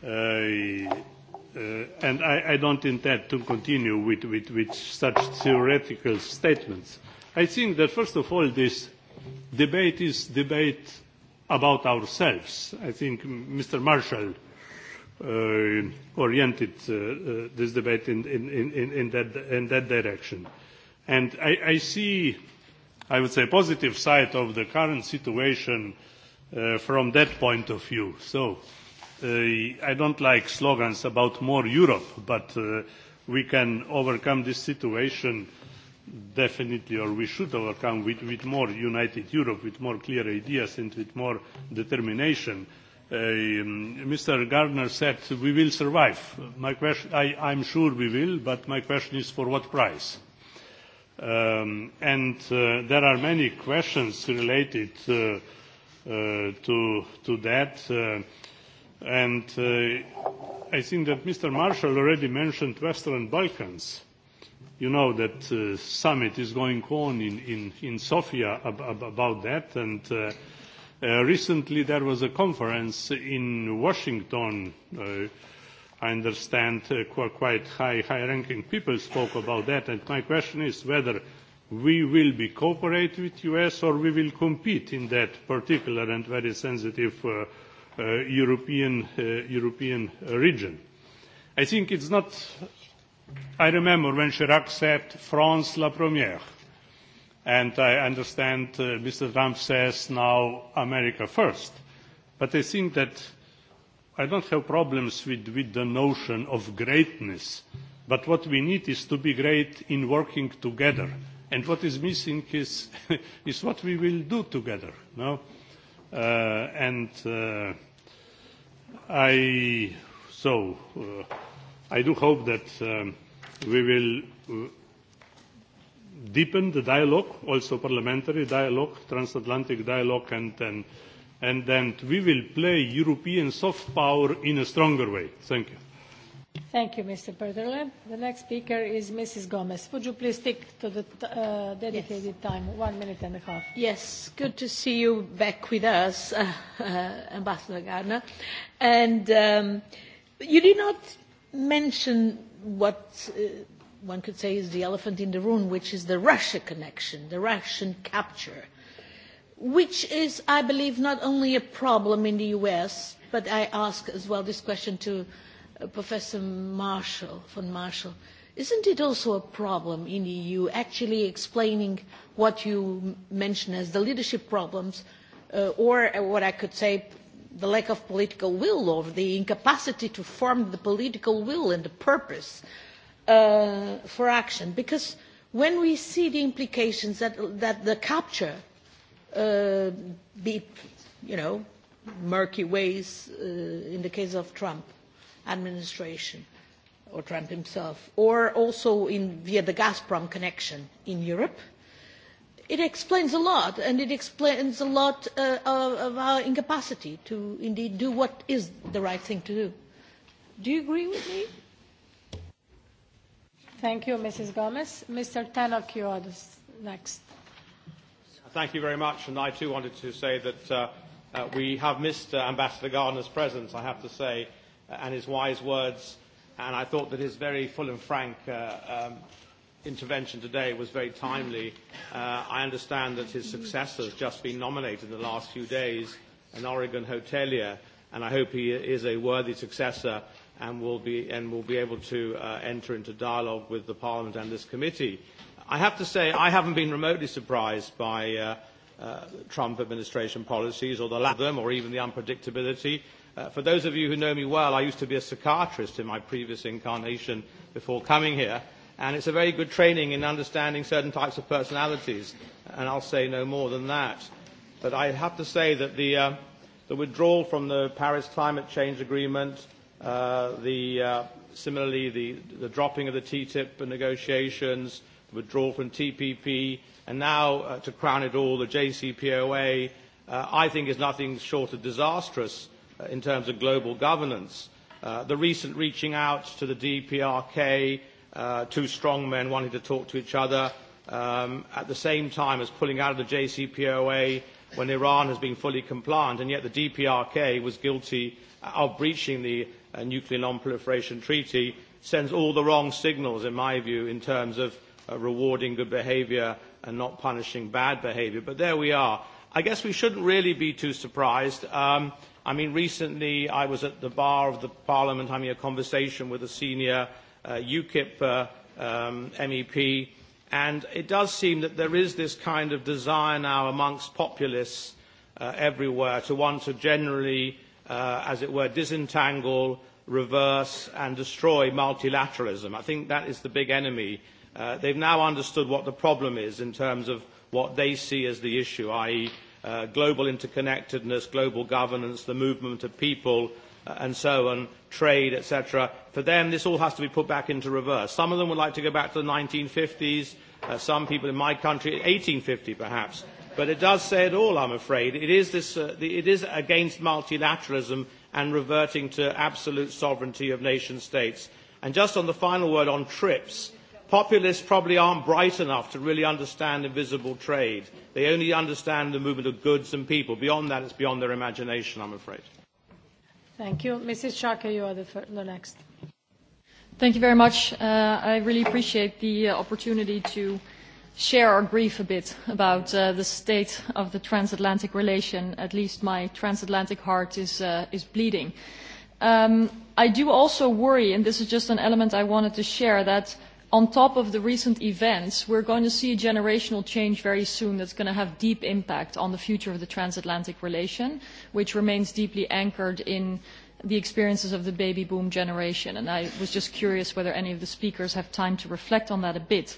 Uh, uh, and I, I don't intend to continue with, with, with such theoretical statements. I think that, first of all, this debate is debate about ourselves. I think Mr. Marshall uh, oriented uh, uh, this debate in, in, in, in, that, in that direction. And I, I see, I would say, positive side of the current situation uh, from that point of view. So uh, I don't like slogans about more Europe, but uh, we can overcome this situation uh, definitely or we should overcome with, with more united Europe, with more clear ideas and with more determination. Uh, um, Mr. Gardner said we will survive. My question, I, I'm sure we will, but my question is for what price? Um, and uh, there are many questions related uh, uh, to, to that. Uh, and uh, I think that Mr. Marshall already mentioned Western Balkans you know that uh, summit is going on in, in, in Sofia ab- ab- about that, and uh, uh, recently there was a conference in Washington. Uh, I understand uh, qu- quite high, high-ranking people spoke about that, and my question is whether we will be cooperate with US or we will compete in that particular and very sensitive uh, uh, European, uh, European region. I think it's not I remember when Chirac said, France la première. And I understand uh, Mr. Trump says now America first. But I think that I don't have problems with, with the notion of greatness. But what we need is to be great in working together. And what is missing is, is what we will do together. No? Uh, and uh, I, so, uh, I do hope that um, we will uh, deepen the dialogue, also parliamentary dialogue, transatlantic dialogue, and then, we will play European soft power in a stronger way. Thank you. Thank you, Mr. Peterle. The next speaker is Mrs. Gomez. Would you please stick to the uh, dedicated time, one minute and a half? Yes, good to see you back with us, uh, Ambassador Gardner. And um, you did not mention what uh, one could say is the elephant in the room, which is the Russia connection, the Russian capture, which is, I believe, not only a problem in the US, but I ask as well this question to uh, Professor Marshall, von Marshall. Isn't it also a problem in the EU actually explaining what you mention as the leadership problems, uh, or uh, what I could say the lack of political will or the incapacity to form the political will and the purpose uh, for action. Because when we see the implications that, that the capture, uh, be, you know, murky ways uh, in the case of Trump administration or Trump himself, or also in, via the Gazprom connection in Europe, it explains a lot, and it explains a lot uh, of, of our incapacity to indeed do what is the right thing to do. Do you agree with me? Thank you, Mrs. Gomez. Mr. Tannock, you are next. Thank you very much, and I too wanted to say that uh, uh, we have missed uh, Ambassador Gardner's presence, I have to say, uh, and his wise words, and I thought that his very full and frank uh, um, intervention today was very timely. Uh, I understand that his successor has just been nominated in the last few days, an Oregon hotelier, and I hope he is a worthy successor and will be, and will be able to uh, enter into dialogue with the Parliament and this committee. I have to say, I haven't been remotely surprised by uh, uh, Trump administration policies or the lack of them or even the unpredictability. Uh, for those of you who know me well, I used to be a psychiatrist in my previous incarnation before coming here And it's a very good training in understanding certain types of personalities. And I'll say no more than that. But I have to say that the, uh, the withdrawal from the Paris Climate Change Agreement, uh, the, uh, similarly the, the dropping of the TTIP negotiations, the withdrawal from TPP, and now uh, to crown it all, the JCPOA, uh, I think is nothing short of disastrous uh, in terms of global governance. Uh, the recent reaching out to the DPRK uh, two strong men wanting to talk to each other um, at the same time as pulling out of the JCPOA when Iran has been fully compliant, and yet the DPRK was guilty of breaching the uh, Nuclear Non-Proliferation Treaty, sends all the wrong signals, in my view, in terms of uh, rewarding good behavior and not punishing bad behavior. But there we are. I guess we shouldn't really be too surprised. Um, I mean, recently I was at the bar of the Parliament having a conversation with a senior uh, UKIP uh, um, MEP. And it does seem that there is this kind of desire now amongst populists uh, everywhere to want to generally, uh, as it were, disentangle, reverse, and destroy multilateralism. I think that is the big enemy. Uh, they've now understood what the problem is in terms of what they see as the issue, i.e., uh, global interconnectedness, global governance, the movement of people, and so on, trade, etc. For them, this all has to be put back into reverse. Some of them would like to go back to the 1950s, uh, some people in my country, 1850 perhaps. But it does say it all, I'm afraid. It is, this, uh, the, it is against multilateralism and reverting to absolute sovereignty of nation states. And just on the final word on TRIPS, populists probably aren't bright enough to really understand invisible trade. They only understand the movement of goods and people. Beyond that, it's beyond their imagination, I'm afraid. Thank you. Mrs. Schake, you are the, first, the next. Thank you very much. Uh, I really appreciate the uh, opportunity to share our grief a bit about uh, the state of the transatlantic relation. At least my transatlantic heart is, uh, is bleeding. Um, I do also worry, and this is just an element I wanted to share, that – on top of the recent events, we're going to see a generational change very soon that's going to have deep impact on the future of the transatlantic relation, which remains deeply anchored in the experiences of the baby boom generation. And I was just curious whether any of the speakers have time to reflect on that a bit.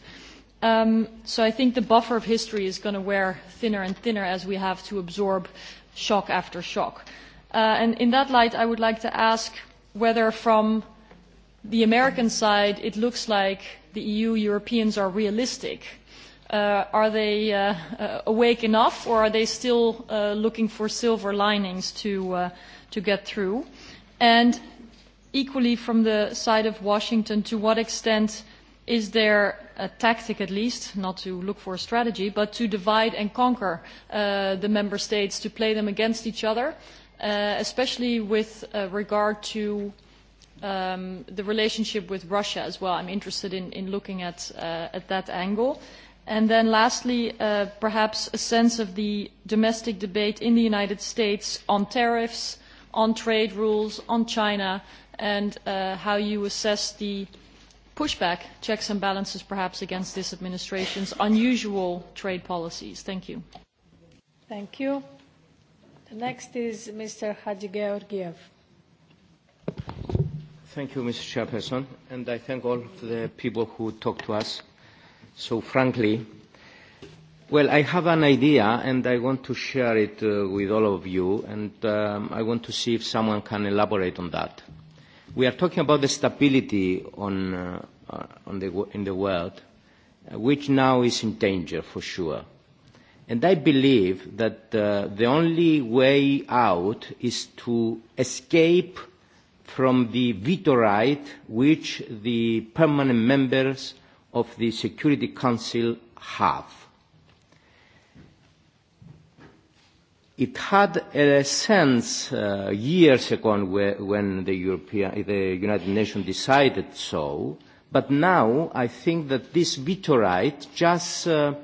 Um, so I think the buffer of history is going to wear thinner and thinner as we have to absorb shock after shock. Uh, and in that light, I would like to ask whether from the American side, it looks like the EU Europeans are realistic. Uh, are they uh, uh, awake enough, or are they still uh, looking for silver linings to uh, to get through? And equally, from the side of Washington, to what extent is there a tactic, at least, not to look for a strategy, but to divide and conquer uh, the member states, to play them against each other, uh, especially with uh, regard to Um, the relationship with Russia as well. I'm interested in, looking uh, at, that angle. And then lastly, uh, perhaps a sense of the domestic debate in the United States on tariffs, on trade rules, on China, and uh, how you assess the pushback, checks and balances perhaps against this administration's unusual trade policies. Thank you. Thank you. The next is Mr. Hadji Georgiev. Thank you, Mr. Chairperson, and I thank all the people who talk to us so frankly. Well, I have an idea, and I want to share it uh, with all of you, and um, I want to see if someone can elaborate on that. We are talking about the stability on, uh, uh on the, in the world, uh, which now is in danger for sure. And I believe that uh, the only way out is to escape – from the veto right which the permanent members of the Security Council have. It had a sense uh, years ago when the, European, the United Nations decided so, but now I think that this veto right just uh,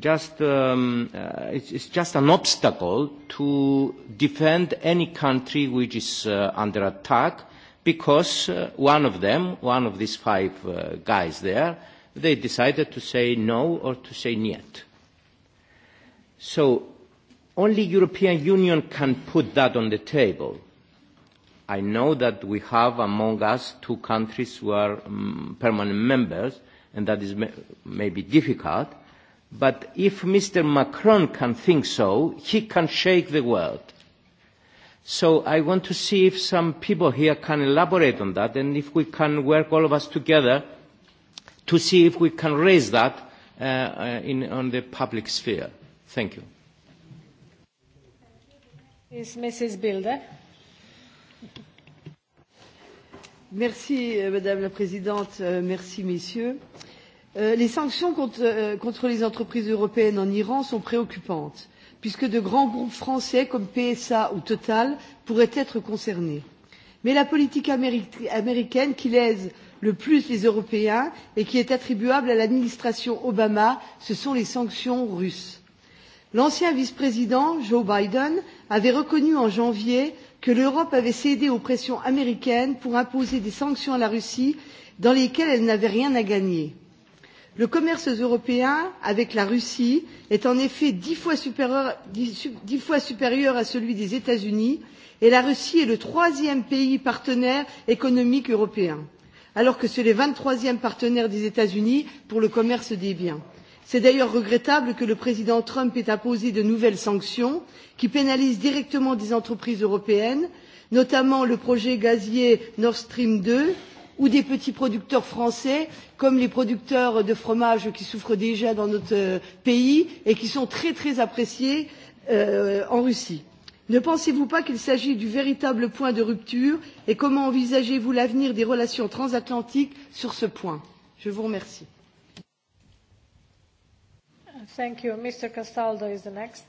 just um, uh, it's, it's just an obstacle to defend any country which is uh, under attack because uh, one of them, one of these five uh, guys there, they decided to say no or to say niet. So only European Union can put that on the table. I know that we have among us two countries who are um, permanent members, and that is may, may be difficult, But if Mr. Macron can think so, he can shake the world. So I want to see if some people here can elaborate on that and if we can work all of us together to see if we can raise that uh, uh in, on the public sphere. Thank you. Is Mrs. Bilder. Merci, euh, Madame la Présidente. Euh, merci, Messieurs. Euh, les sanctions contre, euh, contre les entreprises européennes en Iran sont préoccupantes, puisque de grands groupes français comme PSA ou Total pourraient être concernés. Mais la politique américaine qui lèse le plus les Européens et qui est attribuable à l'administration Obama, ce sont les sanctions russes. L'ancien vice-président Joe Biden avait reconnu en janvier que l'Europe avait cédé aux pressions américaines pour imposer des sanctions à la Russie dans lesquelles elle n'avait rien à gagner le commerce européen avec la russie est en effet dix fois supérieur, dix, dix fois supérieur à celui des états unis et la russie est le troisième pays partenaire économique européen alors que c'est le vingt troisième partenaire des états unis pour le commerce des biens. c'est d'ailleurs regrettable que le président trump ait imposé de nouvelles sanctions qui pénalisent directement des entreprises européennes notamment le projet gazier nord stream deux ou des petits producteurs français comme les producteurs de fromage qui souffrent déjà dans notre euh, pays et qui sont très très appréciés euh, en Russie. Ne pensez-vous pas qu'il s'agit du véritable point de rupture et comment envisagez-vous l'avenir des relations transatlantiques sur ce point Je vous remercie. Thank you. Mr. Castaldo is the next.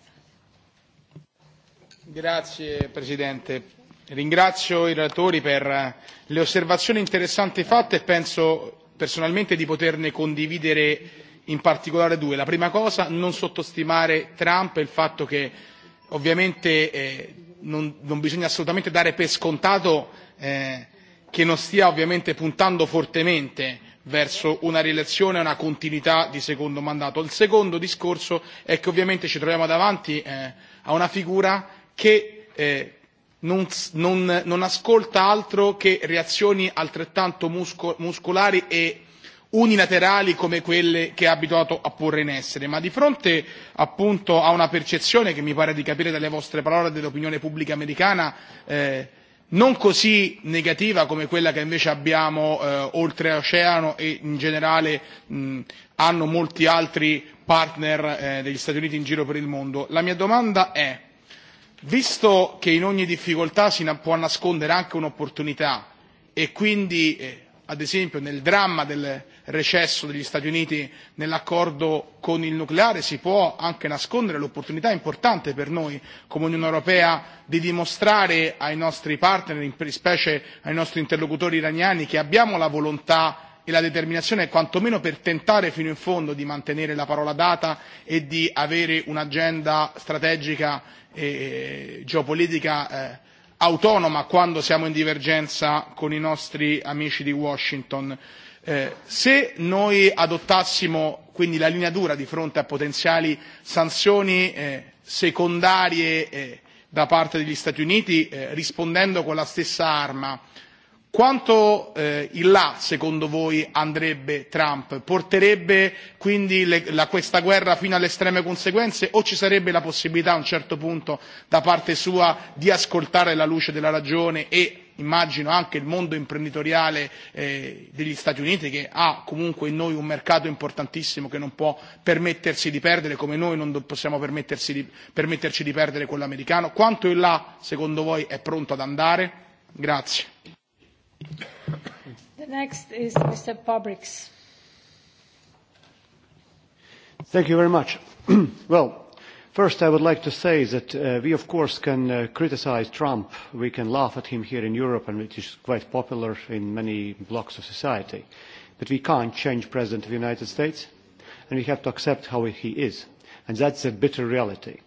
Grazie Presidente ringrazio i relatori per eh, le osservazioni interessanti fatte e penso personalmente di poterne condividere in particolare due la prima cosa non sottostimare trump e il fatto che ovviamente eh, non bisogna assolutamente dare per scontato eh, che non stia ovviamente puntando fortemente verso una rielezione e una continuità di secondo mandato. il secondo discorso è che ovviamente ci troviamo davanti a una figura che non, non, non ascolta altro che reazioni altrettanto musco, muscolari e unilaterali come quelle che è abituato a porre in essere ma di fronte appunto a una percezione che mi pare di capire dalle vostre parole e dell'opinione pubblica americana eh, non così negativa come quella che invece abbiamo eh, oltreoceano e in generale mh, hanno molti altri partner eh, degli Stati Uniti in giro per il mondo la mia domanda è visto che in ogni difficoltà si può nascondere anche un'opportunità e quindi eh, ad esempio nel dramma del recesso degli stati uniti nell'accordo con il nucleare si può anche nascondere l'opportunità importante per noi come unione europea di dimostrare ai nostri partner in specie ai nostri interlocutori iraniani che abbiamo la volontà e la determinazione quantomeno per tentare fino in fondo di mantenere la parola data e di avere un'agenda strategica e geopolitica eh, autonoma quando siamo in divergenza con i nostri amici di Washington. Eh, Se noi adottassimo quindi la linea dura di fronte a potenziali sanzioni eh, secondarie eh, da parte degli Stati Uniti eh, rispondendo con la stessa arma Quanto eh, in là, secondo voi, andrebbe Trump? Porterebbe quindi le, la, questa guerra fino alle estreme conseguenze o ci sarebbe la possibilità a un certo punto da parte sua di ascoltare la luce della ragione e immagino anche il mondo imprenditoriale eh, degli Stati Uniti che ha comunque in noi un mercato importantissimo che non può permettersi di perdere come noi non possiamo di, permetterci di perdere quello americano. Quanto in là, secondo voi, è pronto ad andare? Grazie. The next is Mr. Pabriks. Thank you very much. well, First, I would like to say that uh, we, of course, can uh, criticize Trump. We can laugh at him here in Europe, and it is quite popular in many blocks of society. But we can't change President of the United States, and we have to accept how he is. And that's a bitter reality.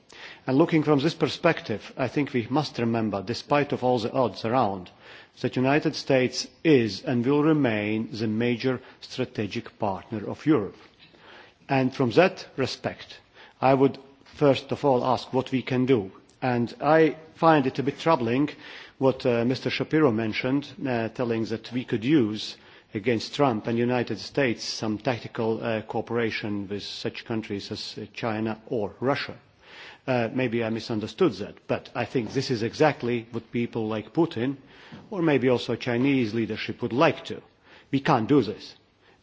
And looking from this perspective, I think we must remember, despite of all the odds around, that the United States is and will remain the major strategic partner of Europe. And from that respect, I would first of all ask what we can do. And I find it a bit troubling what uh, Mr. Shapiro mentioned, uh, telling that we could use against Trump and the United States some tactical uh, cooperation with such countries as China or Russia. Uh, maybe I misunderstood that, but I think this is exactly what people like Putin or maybe also Chinese leadership would like to. We can't do this.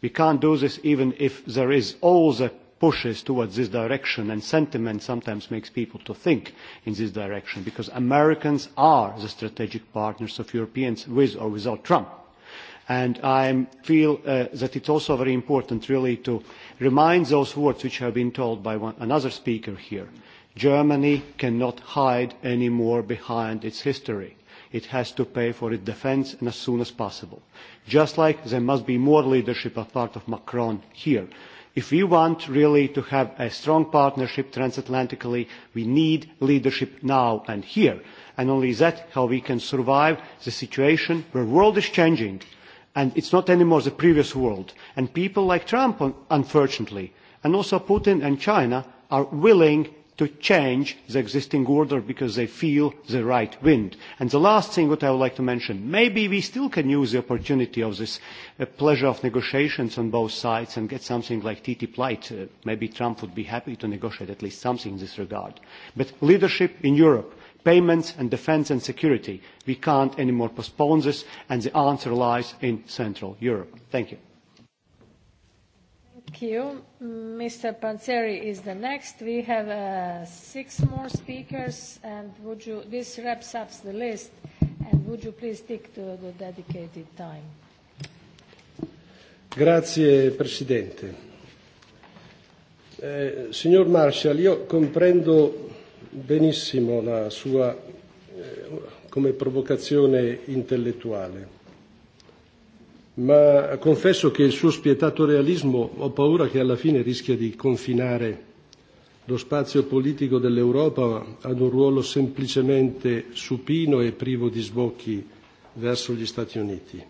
We can't do this even if there is all the pushes towards this direction and sentiment sometimes makes people to think in this direction because Americans are the strategic partners of Europeans with or without Trump. And I feel uh, that it's also very important really to remind those words which have been told by one, another speaker here. Germany cannot hide anymore behind its history It has to pay for its defence and as soon as possible. Just like there must be more leadership on part of Macron here. If we want really to have a strong partnership transatlantically, we need leadership now and here. And only that how we can survive the situation where the world is changing and it's not anymore the previous world. And people like Trump, unfortunately, and also Putin and China are willing to change the existing order because they feel the right wind. And the last thing what I would like to mention, maybe we still can use the opportunity of this uh, pleasure of negotiations on both sides and get something like TTIP light. Uh, maybe Trump would be happy to negotiate at least something in this regard. But leadership in Europe, payments and defense and security, we can't anymore postpone this, and the answer lies in Central Europe. Thank you. Thank you. Mr. Panzeri is the next. We have uh, six more speakers, and would you... This wraps up the list, and would you please stick to the dedicated time? Grazie, Presidente. Eh, signor Marshall, io comprendo benissimo la sua eh, come provocazione intellettuale ma confesso che il suo spietato realismo ho paura che alla fine rischia di confinare lo spazio politico dell'Europa ad un ruolo semplicemente supino e privo di sbocchi verso gli Stati Uniti.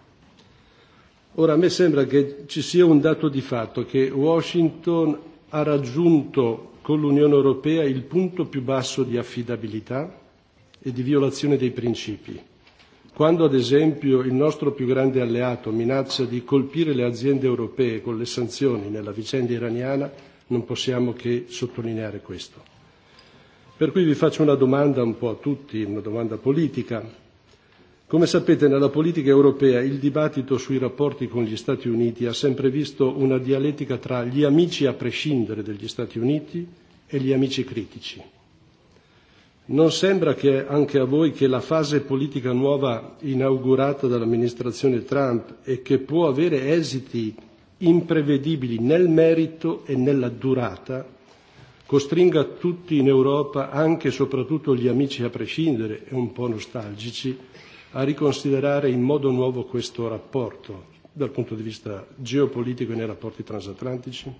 Ora, a me sembra che ci sia un dato di fatto che Washington ha raggiunto con l'Unione Europea il punto più basso di affidabilità e di violazione dei principi Quando, ad esempio, il nostro più grande alleato minaccia di colpire le aziende europee con le sanzioni nella vicenda iraniana, non possiamo che sottolineare questo. Per cui vi faccio una domanda un po' a tutti, una domanda politica. Come sapete, nella politica europea il dibattito sui rapporti con gli Stati Uniti ha sempre visto una dialettica tra gli amici a prescindere degli Stati Uniti e gli amici critici Non sembra che anche a voi che la fase politica nuova inaugurata dall'amministrazione Trump e che può avere esiti imprevedibili nel merito e nella durata, costringa tutti in Europa, anche e soprattutto gli amici a prescindere e un po' nostalgici, a riconsiderare in modo nuovo questo rapporto dal punto di vista geopolitico e nei rapporti transatlantici?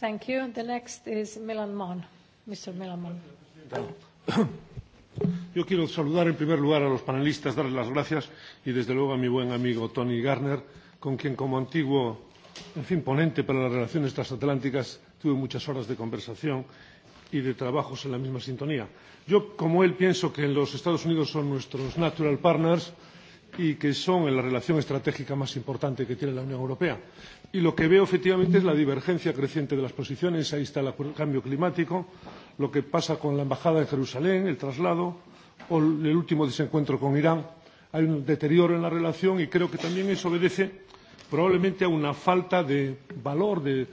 Thank you. The next is Milan Mon. Mr. Melaman. Yo quiero saludar en primer lugar a los panelistas, darles las gracias y desde luego a mi buen amigo Tony Garner, con quien como antiguo, en fin, ponente para las relaciones transatlánticas tuve muchas horas de conversación y de trabajos en la misma sintonía. Yo, como él, pienso que los Estados Unidos son nuestros natural partners y que son la relación estratégica más importante que tiene la Unión Europea. Y lo que veo efectivamente es la divergencia creciente de las posiciones. Ahí está el cambio climático, lo que pasa con la embajada en Jerusalén, el traslado, o el último desencuentro con Irán. Hay un deterioro en la relación y creo que también eso obedece probablemente a una falta de valor, de,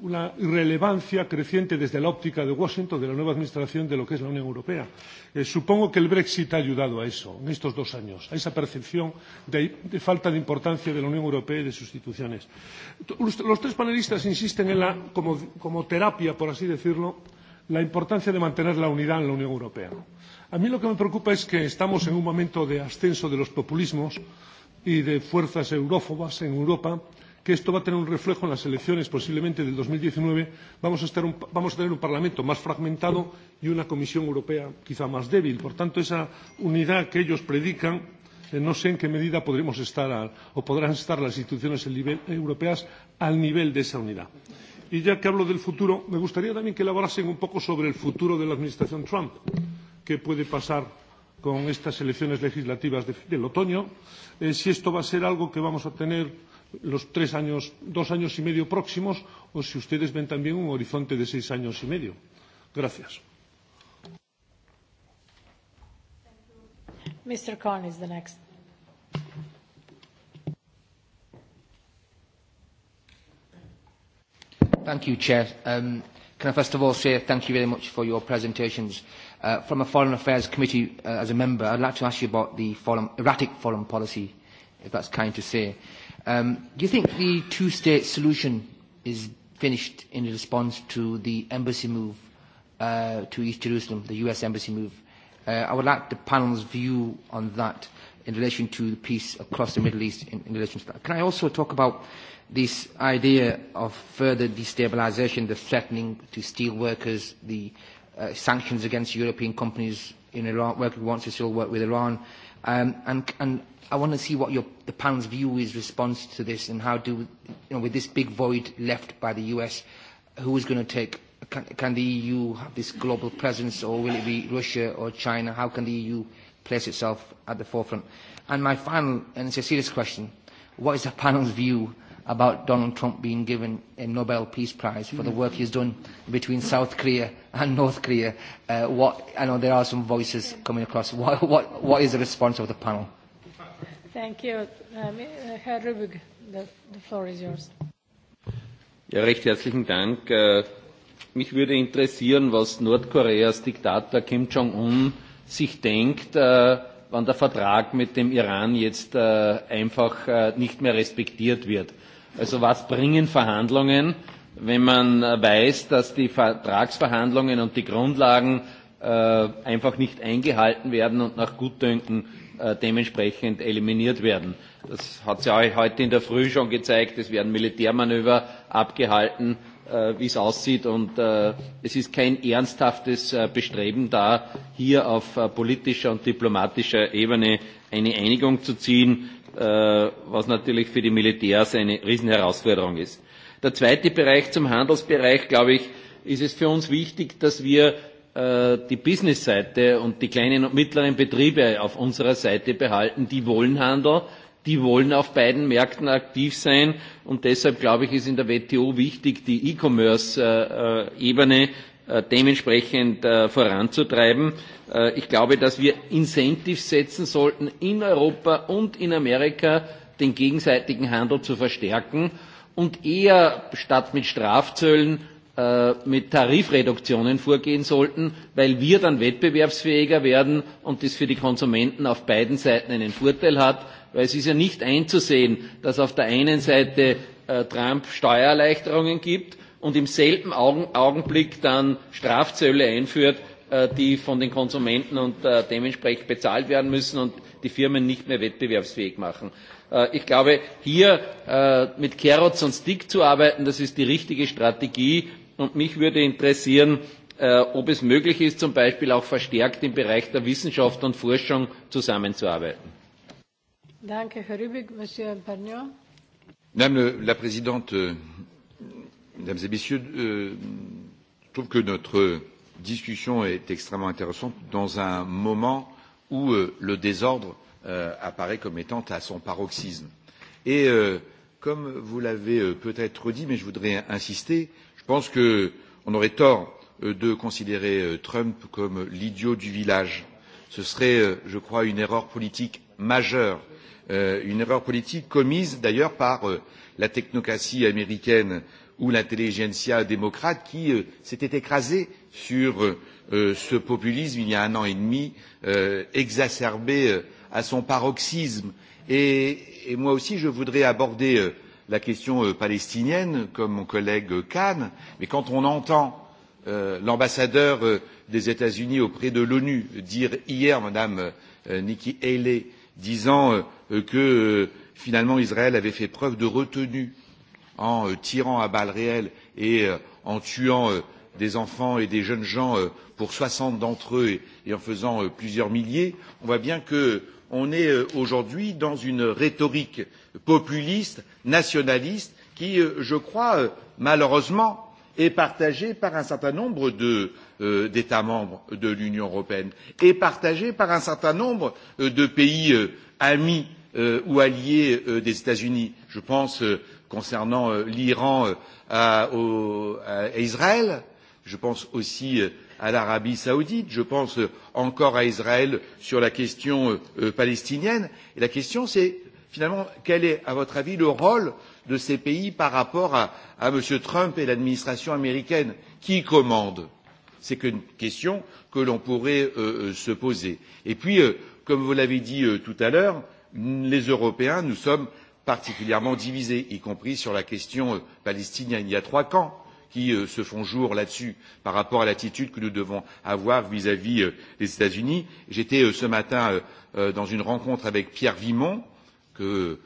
una irrelevancia creciente desde la óptica de Washington, de la nueva administración de lo que es la Unión Europea. Eh, supongo que el Brexit ha ayudado a eso en estos dos años, a esa percepción de, de falta de importancia de la Unión Europea y de sus instituciones. Los los tres panelistas insisten en la, como, como terapia, por así decirlo, la importancia de mantener la unidad en la Unión Europea. A mí lo que me preocupa es que estamos en un momento de ascenso de los populismos y de fuerzas eurófobas en Europa que esto va a tener un reflejo en las elecciones posiblemente del 2019, vamos a, estar un, vamos a tener un Parlamento más fragmentado y una Comisión Europea quizá más débil. Por tanto, esa unidad que ellos predican, eh, no sé en qué medida podremos estar a, o podrán estar las instituciones europeas al nivel de esa unidad. Y ya que hablo del futuro, me gustaría también que elaborasen un poco sobre el futuro de la Administración Trump. ¿Qué puede pasar con estas elecciones legislativas de, del otoño? Eh, si esto va a ser algo que vamos a tener los tres años, dos años y medio próximos o si ustedes ven también un horizonte de seis años y medio. Gracias. Mr. Khan is the next. Thank you, Chair. Um, can I first of all say thank you very much for your presentations. Uh, from a Foreign Affairs Committee uh, as a member, I'd like to ask you about the foreign, erratic foreign policy, if that's kind to say. Um, do you think the two-state solution is finished in response to the embassy move uh, to East Jerusalem, the U.S. embassy move? Uh, I would like the panel's view on that in relation to the peace across the Middle East in, in relation to that. Can I also talk about this idea of further destabilization, the threatening to steel workers, the uh, sanctions against European companies in Iran, working once to still work with Iran, Um, and, and I want to see what your, the panel's view is response to this and how do, you know, with this big void left by the US, who is going to take, can, can the EU have this global presence or will it be Russia or China? How can the EU place itself at the forefront? And my final, and it's a serious question, what is the panel's view about Donald Trump being given a Nobel Peace Prize for the work he's done between South Korea and North Korea. Uh, what, I know there are some voices coming across. What, what, what is the response of the panel? Thank you. Um, uh, Herr Rübig, the, the floor is yours. Ja, recht herzlichen Dank. Uh, mich würde interessieren, was Nordkoreas Diktator Kim Jong-un sich denkt, uh, äh, wenn der Vertrag mit dem Iran jetzt äh, einfach äh, nicht mehr respektiert wird. Also was bringen Verhandlungen, wenn man äh, weiß, dass die Vertragsverhandlungen und die Grundlagen äh, einfach nicht eingehalten werden und nach Gutdünken äh, dementsprechend eliminiert werden. Das hat sich auch heute in der Früh schon gezeigt. Es werden Militärmanöver abgehalten, äh, wie es aussieht. Und äh, es ist kein ernsthaftes äh, Bestreben da, hier auf äh, politischer und diplomatischer Ebene eine Einigung zu ziehen Äh, was natürlich für die Militärs eine Riesenherausforderung ist. Der zweite Bereich zum Handelsbereich, glaube ich, ist es für uns wichtig, dass wir äh, die Businessseite und die kleinen und mittleren Betriebe auf unserer Seite behalten. Die wollen Handel, die wollen auf beiden Märkten aktiv sein und deshalb glaube ich, ist in der WTO wichtig, die E-Commerce-Ebene äh, dementsprechend voranzutreiben. Äh, ich glaube, dass wir Incentives setzen sollten, in Europa und in Amerika den gegenseitigen Handel zu verstärken und eher statt mit Strafzöllen äh, mit Tarifreduktionen vorgehen sollten, weil wir dann wettbewerbsfähiger werden und das für die Konsumenten auf beiden Seiten einen Vorteil hat. Weil es ist ja nicht einzusehen, dass auf der einen Seite äh, Trump Steuererleichterungen gibt und im selben Augenblick dann Strafzölle einführt, Äh, die von den Konsumenten und äh, dementsprechend bezahlt werden müssen und die Firmen nicht mehr wettbewerbsfähig machen. Äh, ich glaube, hier mit Carrots und Stick zu arbeiten, das ist die richtige Strategie. Und mich würde interessieren, ob es möglich ist, zum Beispiel auch verstärkt im Bereich der Wissenschaft und Forschung zusammenzuarbeiten. Danke, Herr Rübig. Monsieur Barnier. Madame la Présidente, euh, Mesdames et Messieurs, euh, je trouve que notre discussion est extrêmement intéressante dans un moment où euh, le désordre euh, apparaît comme étant à son paroxysme. Et euh, comme vous l'avez euh, peut-être dit, mais je voudrais insister, je pense qu'on aurait tort euh, de considérer euh, Trump comme l'idiot du village. Ce serait, euh, je crois, une erreur politique majeure, euh, une erreur politique commise d'ailleurs par euh, la technocratie américaine ou l'intelligentsia démocrate qui euh, s'était écrasée sur euh, euh, ce populisme il y a un an et demi, euh, exacerbé euh, à son paroxysme. Et, et moi aussi, je voudrais aborder euh, la question euh, palestinienne, comme mon collègue euh, Kahn, mais quand on entend euh, l'ambassadeur euh, des États-Unis auprès de l'ONU dire hier, Madame euh, Nikki Haley, disant euh, que euh, finalement Israël avait fait preuve de retenue en euh, tirant à balles réelles et euh, en tuant euh, des enfants et des jeunes gens pour soixante d'entre eux et en faisant plusieurs milliers on voit bien qu'on est aujourd'hui dans une rhétorique populiste nationaliste qui je crois malheureusement est partagée par un certain nombre d'états membres de l'union européenne et partagée par un certain nombre de pays amis ou alliés des états unis je pense concernant euh, l'Iran euh, à, au, à Israël, je pense aussi euh, à l'Arabie saoudite, je pense euh, encore à Israël sur la question euh, euh, palestinienne. Et la question c'est finalement quel est, à votre avis, le rôle de ces pays par rapport à, à M. Trump et l'administration américaine Qui commande C'est une question que l'on pourrait euh, se poser. Et puis, euh, comme vous l'avez dit euh, tout à l'heure, les Européens, nous sommes particulièrement divisée, y compris sur la question euh, palestinienne. Il y a trois camps qui euh, se font jour là-dessus par rapport à l'attitude que nous devons avoir vis-à-vis euh, des États-Unis. J'étais ce matin euh, dans une rencontre avec Pierre Vimon, que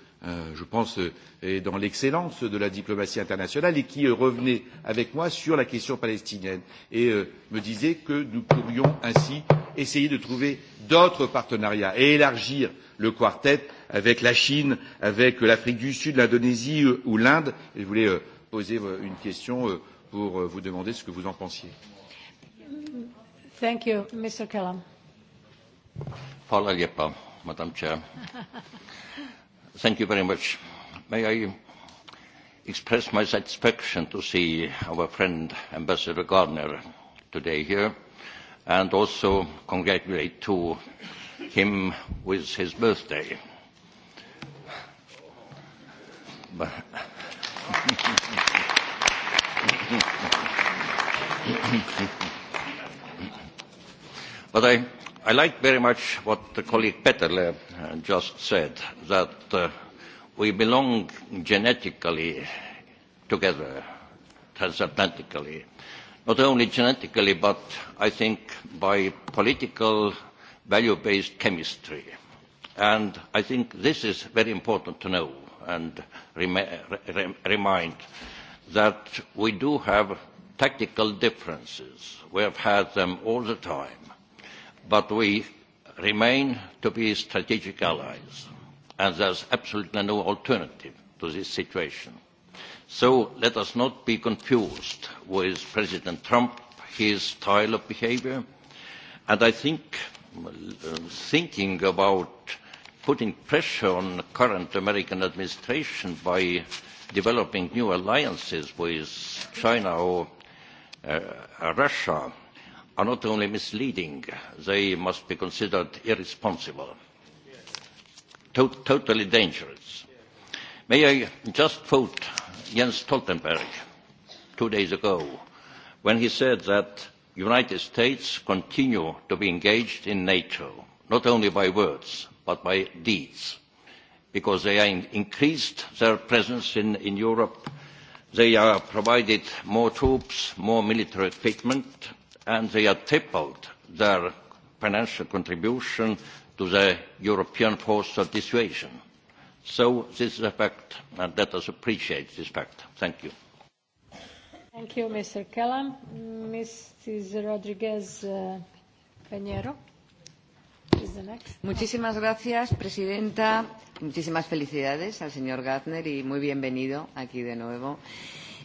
je pense est dans l'excellence de la diplomatie internationale et qui revenait avec moi sur la question palestinienne et me disait que nous pourrions ainsi essayer de trouver d'autres partenariats et élargir euh, le quartet avec la Chine, avec euh, l'Afrique du Sud, l'Indonésie euh, ou l'Inde. Et je voulais euh, poser une question pour vous demander ce que vous en pensiez. Thank you. Mr. Kellam. Hvala lijepa, Madam Chair. Thank you very much. May I express my satisfaction to see our friend Ambassador Gardner today here and also congratulate two him with his birthday. But I, I like very much what the colleague Peterle uh, just said, that uh, we belong genetically together, transatlantically. Not only genetically, but I think by political value-based chemistry. And I think this is very important to know and rem rem remind that we do have tactical differences. We have had them all the time, but we remain to be strategic allies, and there's absolutely no alternative to this situation. So let us not be confused with President Trump, his style of behavior, and I think Um, thinking about putting pressure on the current American administration by developing new alliances with China or uh, uh, Russia are not only misleading, they must be considered irresponsible, to totally dangerous. May I just quote Jens Stoltenberg two days ago when he said that United States continue to be engaged in NATO, not only by words, but by deeds, because they have increased their presence in, in Europe, they have provided more troops, more military equipment, and they have tripled their financial contribution to the European force of dissuasion. So this is a fact, and let us appreciate this fact. Thank you. Thank you, Mr. Kellam. Mrs. Rodriguez uh, Peñero. Muchísimas gracias, presidenta. Muchísimas felicidades al señor Gardner y muy bienvenido aquí de nuevo.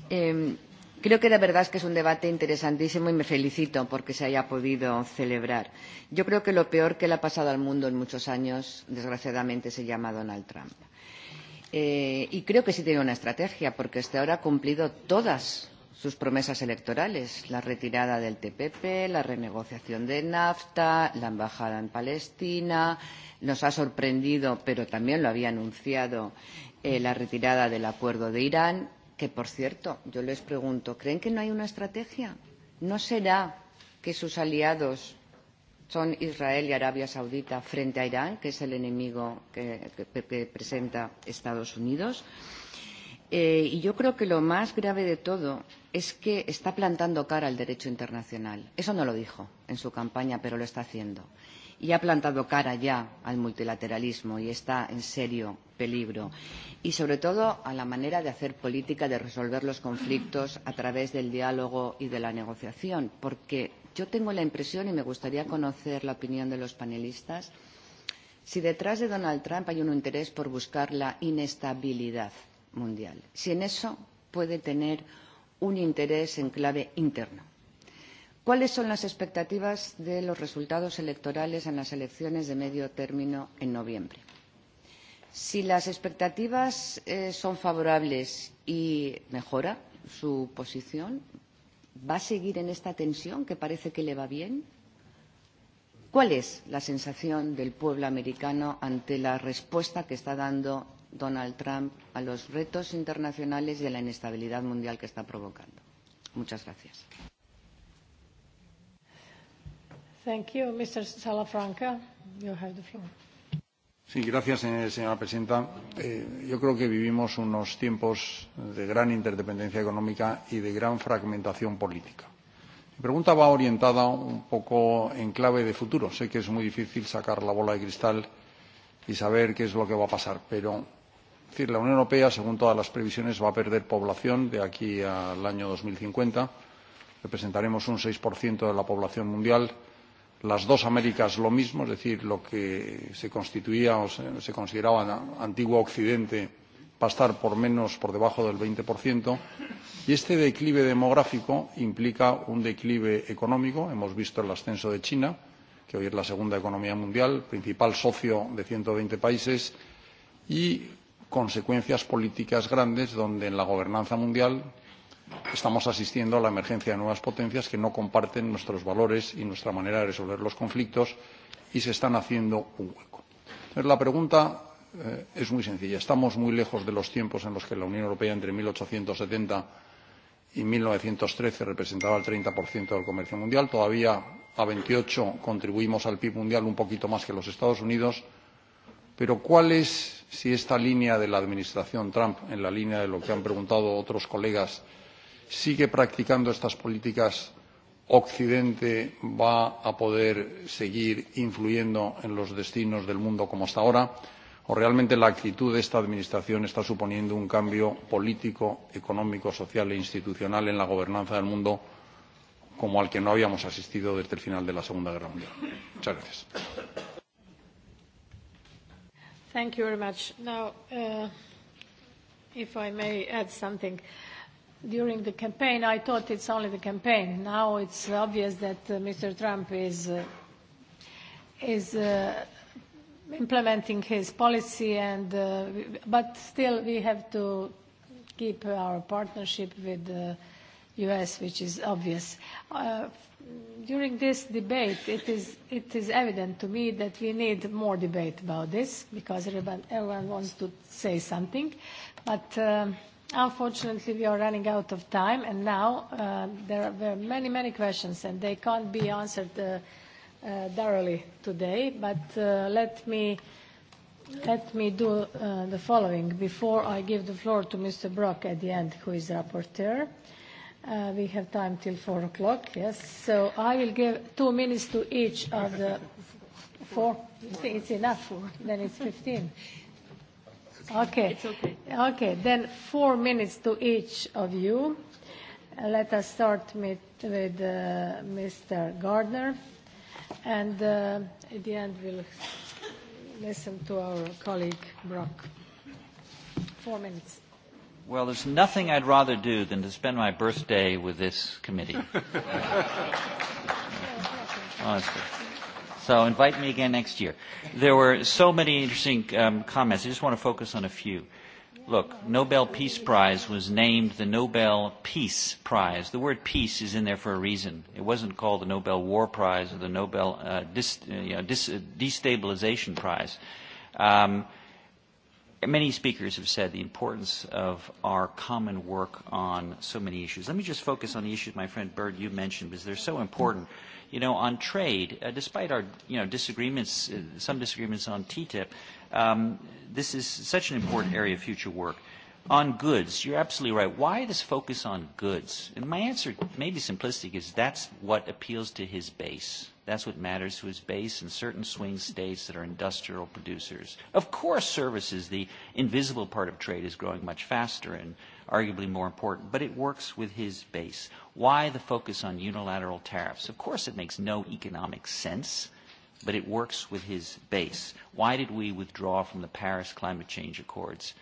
Eh, creo que la verdad es que es un debate interesantísimo y me felicito porque se haya podido celebrar. Yo creo que lo peor que le ha pasado al mundo en muchos años, desgraciadamente, se llama Donald Trump. Eh, y creo que sí tiene una estrategia porque hasta ahora ha cumplido todas sus promesas electorales, la retirada del TPP, la renegociación de NAFTA, la embajada en Palestina. Nos ha sorprendido, pero también lo había anunciado, eh, la retirada del acuerdo de Irán, que, por cierto, yo les pregunto, ¿creen que no hay una estrategia? ¿No será que sus aliados son Israel y Arabia Saudita frente a Irán, que es el enemigo que, que, que presenta Estados Unidos? Eh, y yo creo que lo más grave de todo es que está plantando cara al derecho internacional. Eso no lo dijo en su campaña, pero lo está haciendo. Y ha plantado cara ya al multilateralismo y está en serio peligro. Y sobre todo a la manera de hacer política, de resolver los conflictos a través del diálogo y de la negociación. Porque yo tengo la impresión, y me gustaría conocer la opinión de los panelistas, si detrás de Donald Trump hay un interés por buscar la inestabilidad mundial. Si en eso puede tener un interés en clave interno. ¿Cuáles son las expectativas de los resultados electorales en las elecciones de medio término en noviembre? Si las expectativas eh, son favorables y mejora su posición, ¿va a seguir en esta tensión que parece que le va bien? ¿Cuál es la sensación del pueblo americano ante la respuesta que está dando Donald Trump a los retos internacionales y a la inestabilidad mundial que está provocando. Muchas gracias. Thank you. Mr. Salafranca, you have the floor. Sí, gracias, eh, señora presidenta. Eh, yo creo que vivimos unos tiempos de gran interdependencia económica y de gran fragmentación política. Mi pregunta va orientada un poco en clave de futuro. Sé que es muy difícil sacar la bola de cristal y saber qué es lo que va a pasar, pero Es decir, la Unión Europea, según todas las previsiones, va a perder población de aquí al año 2050. Representaremos un 6% de la población mundial. Las dos Américas lo mismo, es decir, lo que se constituía o se, se consideraba antiguo Occidente va a estar por menos, por debajo del 20%. Y este declive demográfico implica un declive económico. Hemos visto el ascenso de China, que hoy es la segunda economía mundial, principal socio de 120 países, y consecuencias políticas grandes donde en la gobernanza mundial estamos asistiendo a la emergencia de nuevas potencias que no comparten nuestros valores y nuestra manera de resolver los conflictos y se están haciendo un hueco. Entonces, la pregunta eh, es muy sencilla. Estamos muy lejos de los tiempos en los que la Unión Europea entre 1870 y 1913 representaba el 30% del comercio mundial. Todavía a 28 contribuimos al PIB mundial un poquito más que los Estados Unidos Pero ¿cuál es, si esta línea de la administración Trump, en la línea de lo que han preguntado otros colegas, sigue practicando estas políticas, Occidente va a poder seguir influyendo en los destinos del mundo como hasta ahora? ¿O realmente la actitud de esta Administración está suponiendo un cambio político, económico, social e institucional en la gobernanza del mundo como al que no habíamos asistido desde el final de la Segunda Guerra Mundial? Muchas gracias. Thank you very much. Now, uh, if I may add something. During the campaign, I thought it's only the campaign. Now it's obvious that uh, Mr. Trump is, uh, is implementing his policy, and, but still we have to keep our partnership with the U.S., which is obvious during this debate, it is, it is evident to me that we need more debate about this because everyone, everyone wants to say something. But uh, unfortunately, we are running out of time, and now uh, there are many, many questions, and they can't be answered uh, uh, thoroughly today. But uh, let me let me do uh, the following before I give the floor to Mr. Brock at the end, who is the rapporteur. Uh, Uh, we have time till four o'clock, yes. So I will give two minutes to each of the four. It's enough. Then it's 15. Okay. It's okay. Okay, then four minutes to each of you. Uh, let us start with, uh, Mr. Gardner, and at the end we'll listen to our colleague Brok. Four minutes. Well, there's nothing I'd rather do than to spend my birthday with this committee. Honestly. So invite me again next year. There were so many interesting um, comments. I just want to focus on a few. Look, Nobel Peace Prize was named the Nobel Peace Prize. The word peace is in there for a reason. It wasn't called the Nobel War Prize or the Nobel uh, dis, uh, you know, dis, uh, Destabilization Prize. Um, many speakers have said the importance of our common work on so many issues. Let me just focus on the issues my friend Bird you mentioned because they're so important. You know, on trade, uh, despite our you know disagreements, uh, some disagreements on TTIP, um, this is such an important area of future work. On goods, you're absolutely right. Why this focus on goods? And my answer, maybe simplistic, is that's what appeals to his base That's what matters, who is base in certain swing states that are industrial producers. Of course, services, the invisible part of trade, is growing much faster and arguably more important, but it works with his base. Why the focus on unilateral tariffs? Of course, it makes no economic sense, but it works with his base. Why did we withdraw from the Paris Climate Change Accords?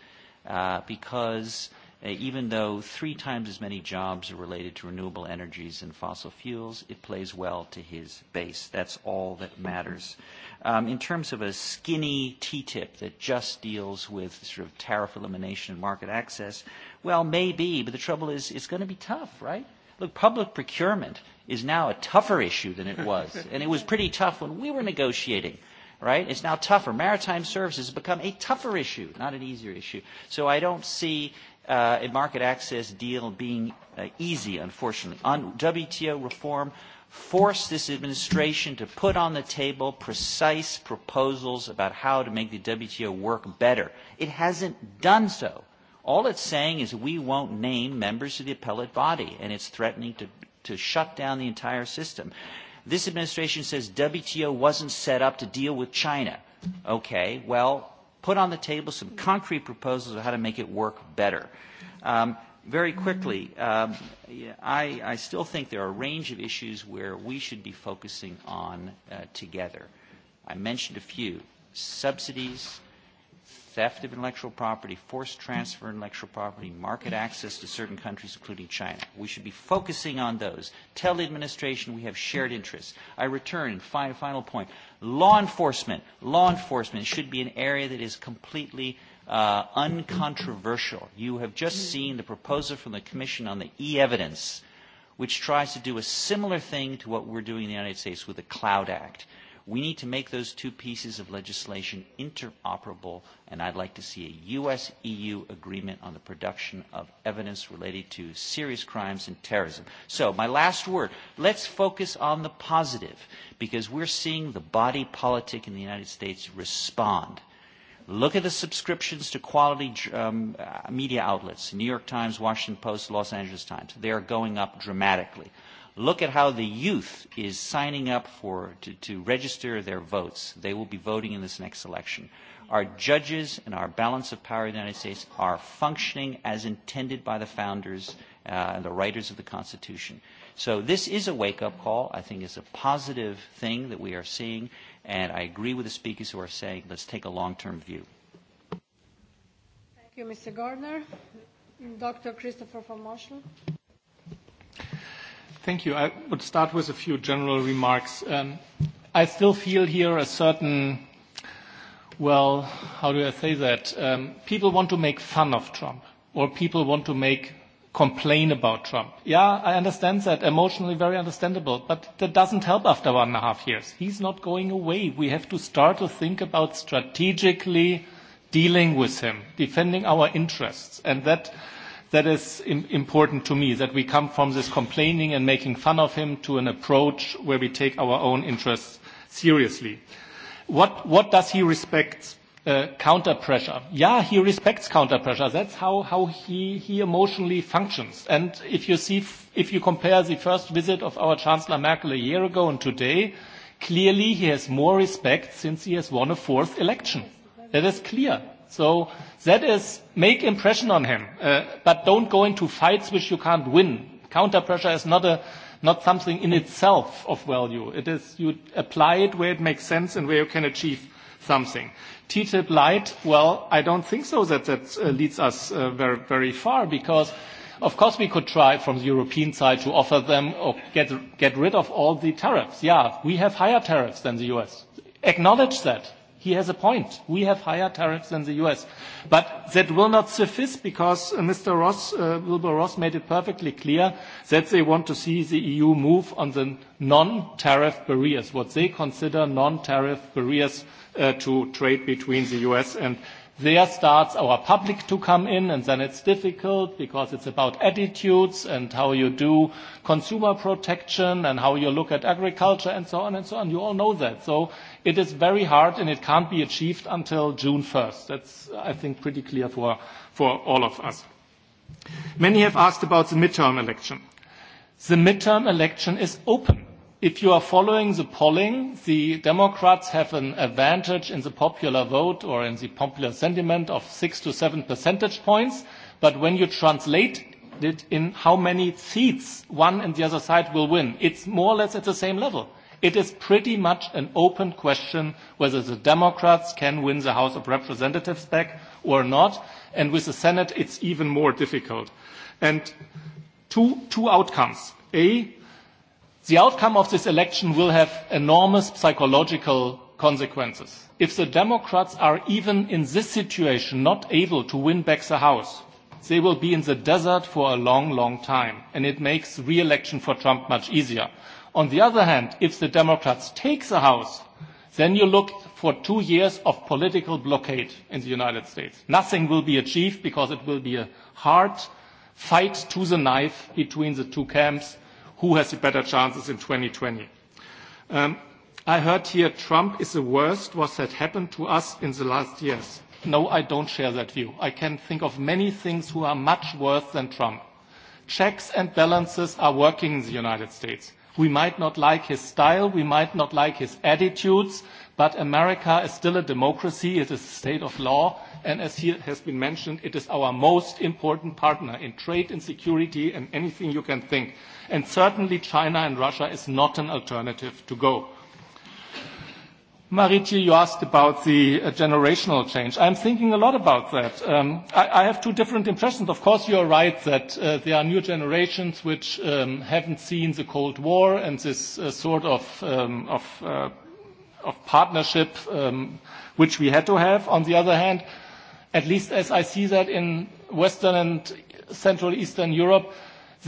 Uh, because uh, Uh, even though three times as many jobs are related to renewable energies and fossil fuels, it plays well to his base. That's all that matters. Um, in terms of a skinny TTIP that just deals with sort of tariff elimination and market access, well, maybe, but the trouble is it's going to be tough, right? Look, public procurement is now a tougher issue than it was, and it was pretty tough when we were negotiating right? It's now tougher. Maritime services has become a tougher issue, not an easier issue. So I don't see uh, a market access deal being uh, easy, unfortunately. On WTO reform, force this administration to put on the table precise proposals about how to make the WTO work better. It hasn't done so. All it's saying is we won't name members of the appellate body, and it's threatening to, to shut down the entire system. This administration says WTO wasn't set up to deal with China. Okay, well, put on the table some concrete proposals of how to make it work better. Um, very quickly, um, I, I still think there are a range of issues where we should be focusing on uh, together. I mentioned a few subsidies, theft of intellectual property, forced transfer of intellectual property, market access to certain countries, including China. We should be focusing on those. Tell the administration we have shared interests. I return, final, final point, law enforcement. Law enforcement should be an area that is completely uh, uncontroversial. You have just seen the proposal from the Commission on the e-evidence, which tries to do a similar thing to what we're doing in the United States with the Cloud Act We need to make those two pieces of legislation interoperable, and I'd like to see a U.S.-EU e agreement on the production of evidence related to serious crimes and terrorism. So my last word, let's focus on the positive, because we're seeing the body politic in the United States respond. Look at the subscriptions to quality um, media outlets, New York Times, Washington Post, Los Angeles Times. They are going up dramatically. Look at how the youth is signing up for to, to register their votes. They will be voting in this next election. Our judges and our balance of power in the United States are functioning as intended by the founders uh, and the writers of the Constitution. So this is a wake-up call. I think it's a positive thing that we are seeing, and I agree with the speakers who are saying let's take a long-term view. Thank you, Mr. Gardner. Dr. Christopher von Marshall. Thank you. I would start with a few general remarks. Um, I still feel here a certain, well, how do I say that? Um, people want to make fun of Trump, or people want to make complain about Trump. Yeah, I understand that. Emotionally, very understandable. But that doesn't help after one and a half years. He's not going away. We have to start to think about strategically dealing with him, defending our interests. And that that is important to me, that we come from this complaining and making fun of him to an approach where we take our own interests seriously. What, what does he respect? Uh, counter pressure. Yeah, he respects counter pressure. That's how, how he, he emotionally functions. And if you see, if you compare the first visit of our Chancellor Merkel a year ago and today, clearly he has more respect since he has won a fourth election. That is clear. So that is make impression on him, uh, but don't go into fights which you can't win. Counter pressure is not a not something in itself of value. It is you apply it where it makes sense and where you can achieve something. TTIP light, well, I don't think so that that uh, leads us uh, very very far because. Of course, we could try from the European side to offer them or get, get rid of all the tariffs. Yeah, we have higher tariffs than the US. Acknowledge that he has a point. We have higher tariffs than the U.S. But that will not suffice because uh, Mr. Ross, uh, Wilbur Ross made it perfectly clear that they want to see the EU move on the non-tariff barriers, what they consider non-tariff barriers uh, to trade between the U.S. and there starts our public to come in, and then it's difficult because it's about attitudes and how you do consumer protection and how you look at agriculture and so on and so on. You all know that. So It is very hard, and it can't be achieved until June 1st. That's, I think, pretty clear for, for all of us. Many have asked about the midterm election. The midterm election is open. If you are following the polling, the Democrats have an advantage in the popular vote or in the popular sentiment of six to seven percentage points. But when you translate it in how many seats one and the other side will win, it's more or less at the same level. It is pretty much an open question whether the Democrats can win the House of Representatives back or not. And with the Senate, it's even more difficult. And two, two outcomes. A, the outcome of this election will have enormous psychological consequences. If the Democrats are even in this situation not able to win back the House, they will be in the desert for a long, long time. And it makes re-election for Trump much easier. On the other hand, if the Democrats take the House, then you look for two years of political blockade in the United States. Nothing will be achieved because it will be a hard fight to the knife between the two camps who has the better chances in 2020. Um, I heard here Trump is the worst what had happened to us in the last years. No, I don't share that view. I can think of many things who are much worse than Trump. Checks and balances are working in the United States. We might not like his style, we might not like his attitudes, but America is still a democracy, it is a state of law, and as has been mentioned, it is our most important partner in trade and security and anything you can think. And certainly China and Russia is not an alternative to go. Maritje, you asked about the uh, generational change. I'm thinking a lot about that. Um, I, I have two different impressions. Of course, you're right that uh, there are new generations which um, haven't seen the Cold War and this uh, sort of, um, of, uh, of partnership um, which we had to have. On the other hand, at least as I see that in Western and Central Eastern Europe,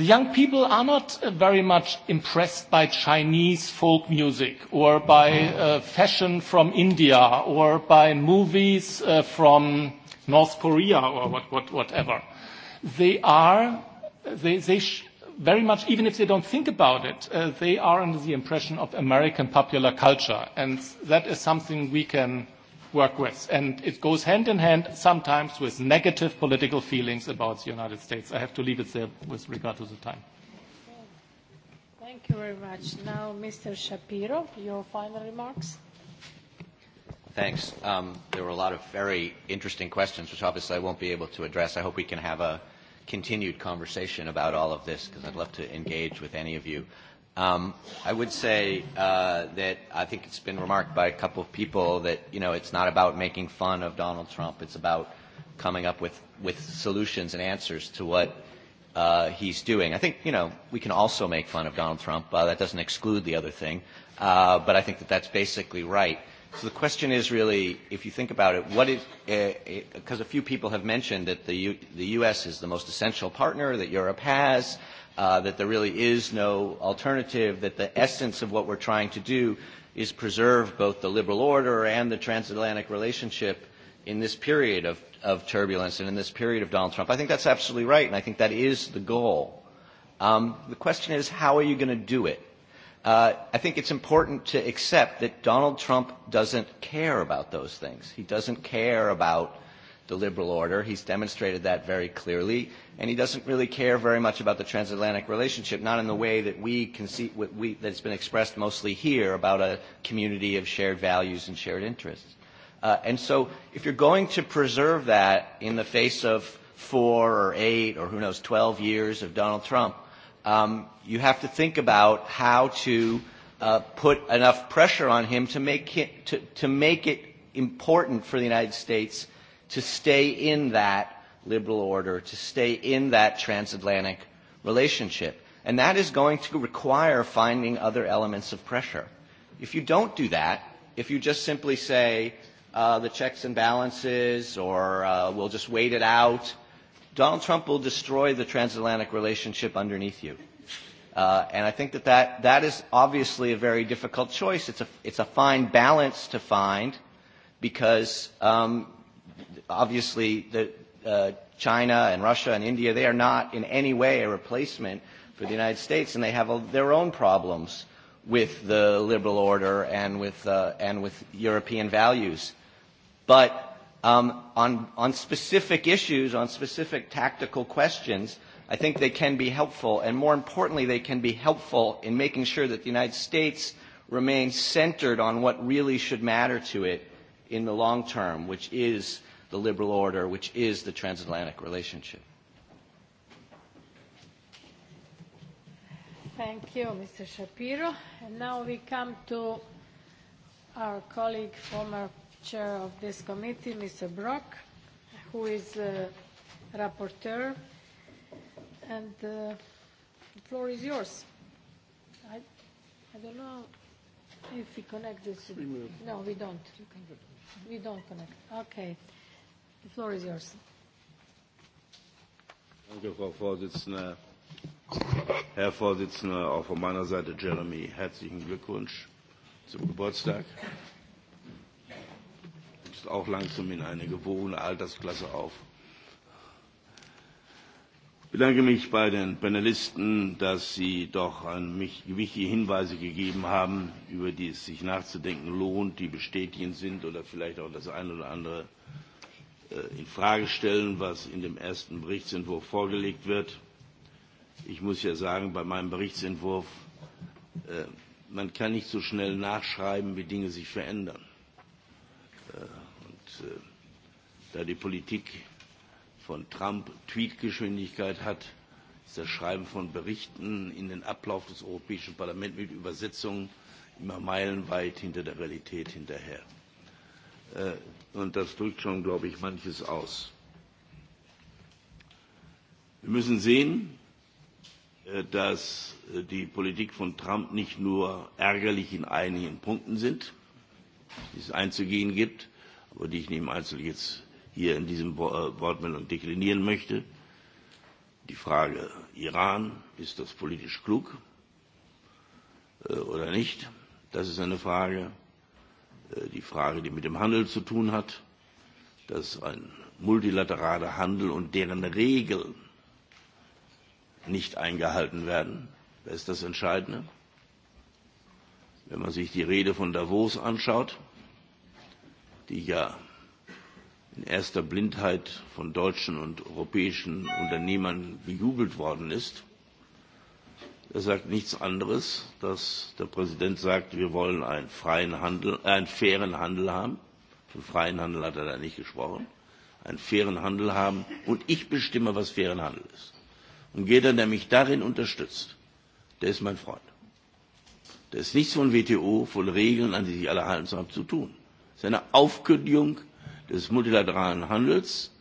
The young people are not uh, very much impressed by Chinese folk music or by uh, fashion from India or by movies uh, from North Korea or what, what, whatever. They are, they, they sh- very much, even if they don't think about it, uh, they are under the impression of American popular culture. And that is something we can work with. And it goes hand in hand sometimes with negative political feelings about the United States. I have to leave it there with regard to the time. Thank you very much. Now, Mr. Shapiro, your final remarks. Thanks. Um, there were a lot of very interesting questions, which obviously I won't be able to address. I hope we can have a continued conversation about all of this because I'd love to engage with any of you. Um, I would say uh, that I think it's been remarked by a couple of people that you know it's not about making fun of Donald Trump. It's about coming up with with solutions and answers to what uh, he's doing. I think you know we can also make fun of Donald Trump. Uh, that doesn't exclude the other thing, uh, but I think that that's basically right. So the question is really, if you think about it, what is because eh, eh, uh, a few people have mentioned that the U, the U.S. is the most essential partner that Europe has. Uh, that there really is no alternative, that the essence of what we're trying to do is preserve both the liberal order and the transatlantic relationship in this period of, of turbulence and in this period of Donald Trump. I think that's absolutely right, and I think that is the goal. Um, the question is, how are you going to do it? Uh, I think it's important to accept that Donald Trump doesn't care about those things. He doesn't care about the liberal order. He's demonstrated that very clearly, and he doesn't really care very much about the transatlantic relationship, not in the way that we can see we, that's been expressed mostly here about a community of shared values and shared interests. Uh, and so, if you're going to preserve that in the face of four or eight or who knows, 12 years of Donald Trump, um, you have to think about how to uh, put enough pressure on him to make it, to, to make it important for the United States to stay in that liberal order, to stay in that transatlantic relationship. And that is going to require finding other elements of pressure. If you don't do that, if you just simply say uh, the checks and balances or uh, we'll just wait it out, Donald Trump will destroy the transatlantic relationship underneath you. Uh, and I think that, that that is obviously a very difficult choice. It's a, it's a fine balance to find because um, obviously, the, uh, China and Russia and India, they are not in any way a replacement for the United States, and they have a, their own problems with the liberal order and with, uh, and with European values. But um, on, on specific issues, on specific tactical questions, I think they can be helpful, and more importantly, they can be helpful in making sure that the United States remains centered on what really should matter to it in the long term, which is the liberal order, which is the transatlantic relationship. Thank you, Mr. Shapiro. And now we come to our colleague, former chair of this committee, Mr. Brok, who is a rapporteur. And uh, the floor is yours. I, I don't know if we connect this. No, we don't. We don't connect. Okay. The floor is yours. Danke, Frau Vorsitzende. Herr Vorsitzender, auch von meiner Seite Jeremy, herzlichen Glückwunsch zum Geburtstag. Du bist auch langsam in eine gewohnte Altersklasse auf. Ich bedanke mich bei den Panelisten, dass sie doch an mich gewichtige Hinweise gegeben haben, über die es sich nachzudenken lohnt, die bestätigend sind oder vielleicht auch das eine oder andere Äh, in Frage stellen, was in dem ersten Berichtsentwurf vorgelegt wird. Ich muss ja sagen, bei meinem Berichtsentwurf, äh, man kann nicht so schnell nachschreiben, wie Dinge sich verändern. Äh, und da die Politik von Trump Tweetgeschwindigkeit hat, ist das Schreiben von Berichten in den Ablauf des Europäischen Parlaments mit Übersetzungen immer meilenweit hinter der Realität hinterher. Und das drückt schon, glaube ich, manches aus. Wir müssen sehen, äh, dass äh, die Politik von Trump nicht nur ärgerlich in einigen Punkten sind, die es einzugehen gibt, aber die ich nicht im Einzelnen jetzt hier in diesem äh, Wortmeldung deklinieren möchte. Die Frage Iran, ist das politisch klug oder nicht? Das ist eine Frage. Äh, die Frage, die mit dem Handel zu tun hat, dass ein multilateraler Handel und deren Regeln nicht eingehalten werden. Das ist das Entscheidende. Wenn man sich die Rede von Davos anschaut, die ja in erster Blindheit von deutschen und europäischen Unternehmern bejubelt worden ist, Er sagt nichts anderes, dass der Präsident sagt, wir wollen einen freien Handel, äh, einen fairen Handel haben. Von freien Handel hat er da nicht gesprochen. Einen fairen Handel haben und ich bestimme, was fairen Handel ist. Und jeder, der mich darin unterstützt, der ist mein Freund. Da ist nichts von WTO, von Regeln, an die sich alle halten, zu haben zu tun. Das ist eine Aufkündigung des multilateralen Handels,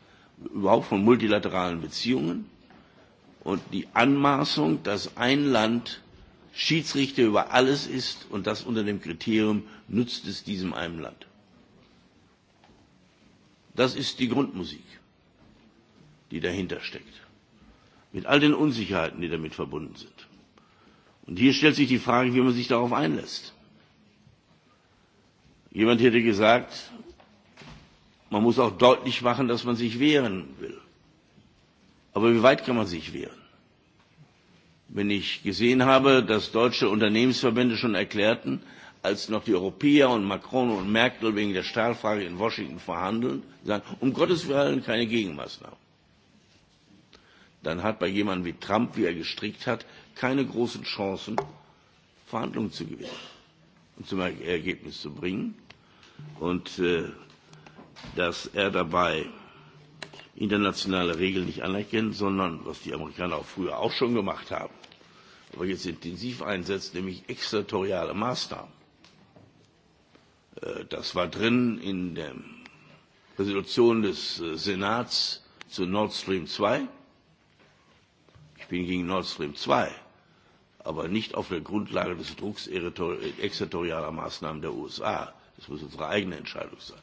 überhaupt von multilateralen Beziehungen Und die Anmaßung, dass ein Land Schiedsrichter über alles ist und das unter dem Kriterium nützt es diesem einen Land. Das ist die Grundmusik, die dahinter steckt, mit all den Unsicherheiten, die damit verbunden sind. Und hier stellt sich die Frage, wie man sich darauf einlässt. Jemand hätte gesagt, man muss auch deutlich machen, dass man sich wehren will. Aber wie weit kann man sich wehren? Wenn ich gesehen habe, dass deutsche Unternehmensverbände schon erklärten, als noch die Europäer und Macron und Merkel wegen der Stahlfrage in Washington verhandeln, sagen, um Gottes Willen keine Gegenmaßnahmen. Dann hat bei jemandem wie Trump, wie er gestrickt hat, keine großen Chancen, Verhandlungen zu gewinnen und zum Ergebnis zu bringen. Und äh, dass er dabei internationale Regeln nicht anerkennen, sondern was die Amerikaner auch früher auch schon gemacht haben, aber jetzt intensiv einsetzt, nämlich extraterritoriale Maßnahmen. Äh, das war drin in der Resolution des äh, Senats zu Nord Stream 2. Ich bin gegen Nord Stream 2, aber nicht auf der Grundlage des Drucks äh, extraterritorialer Maßnahmen der USA. Das muss unsere eigene Entscheidung sein.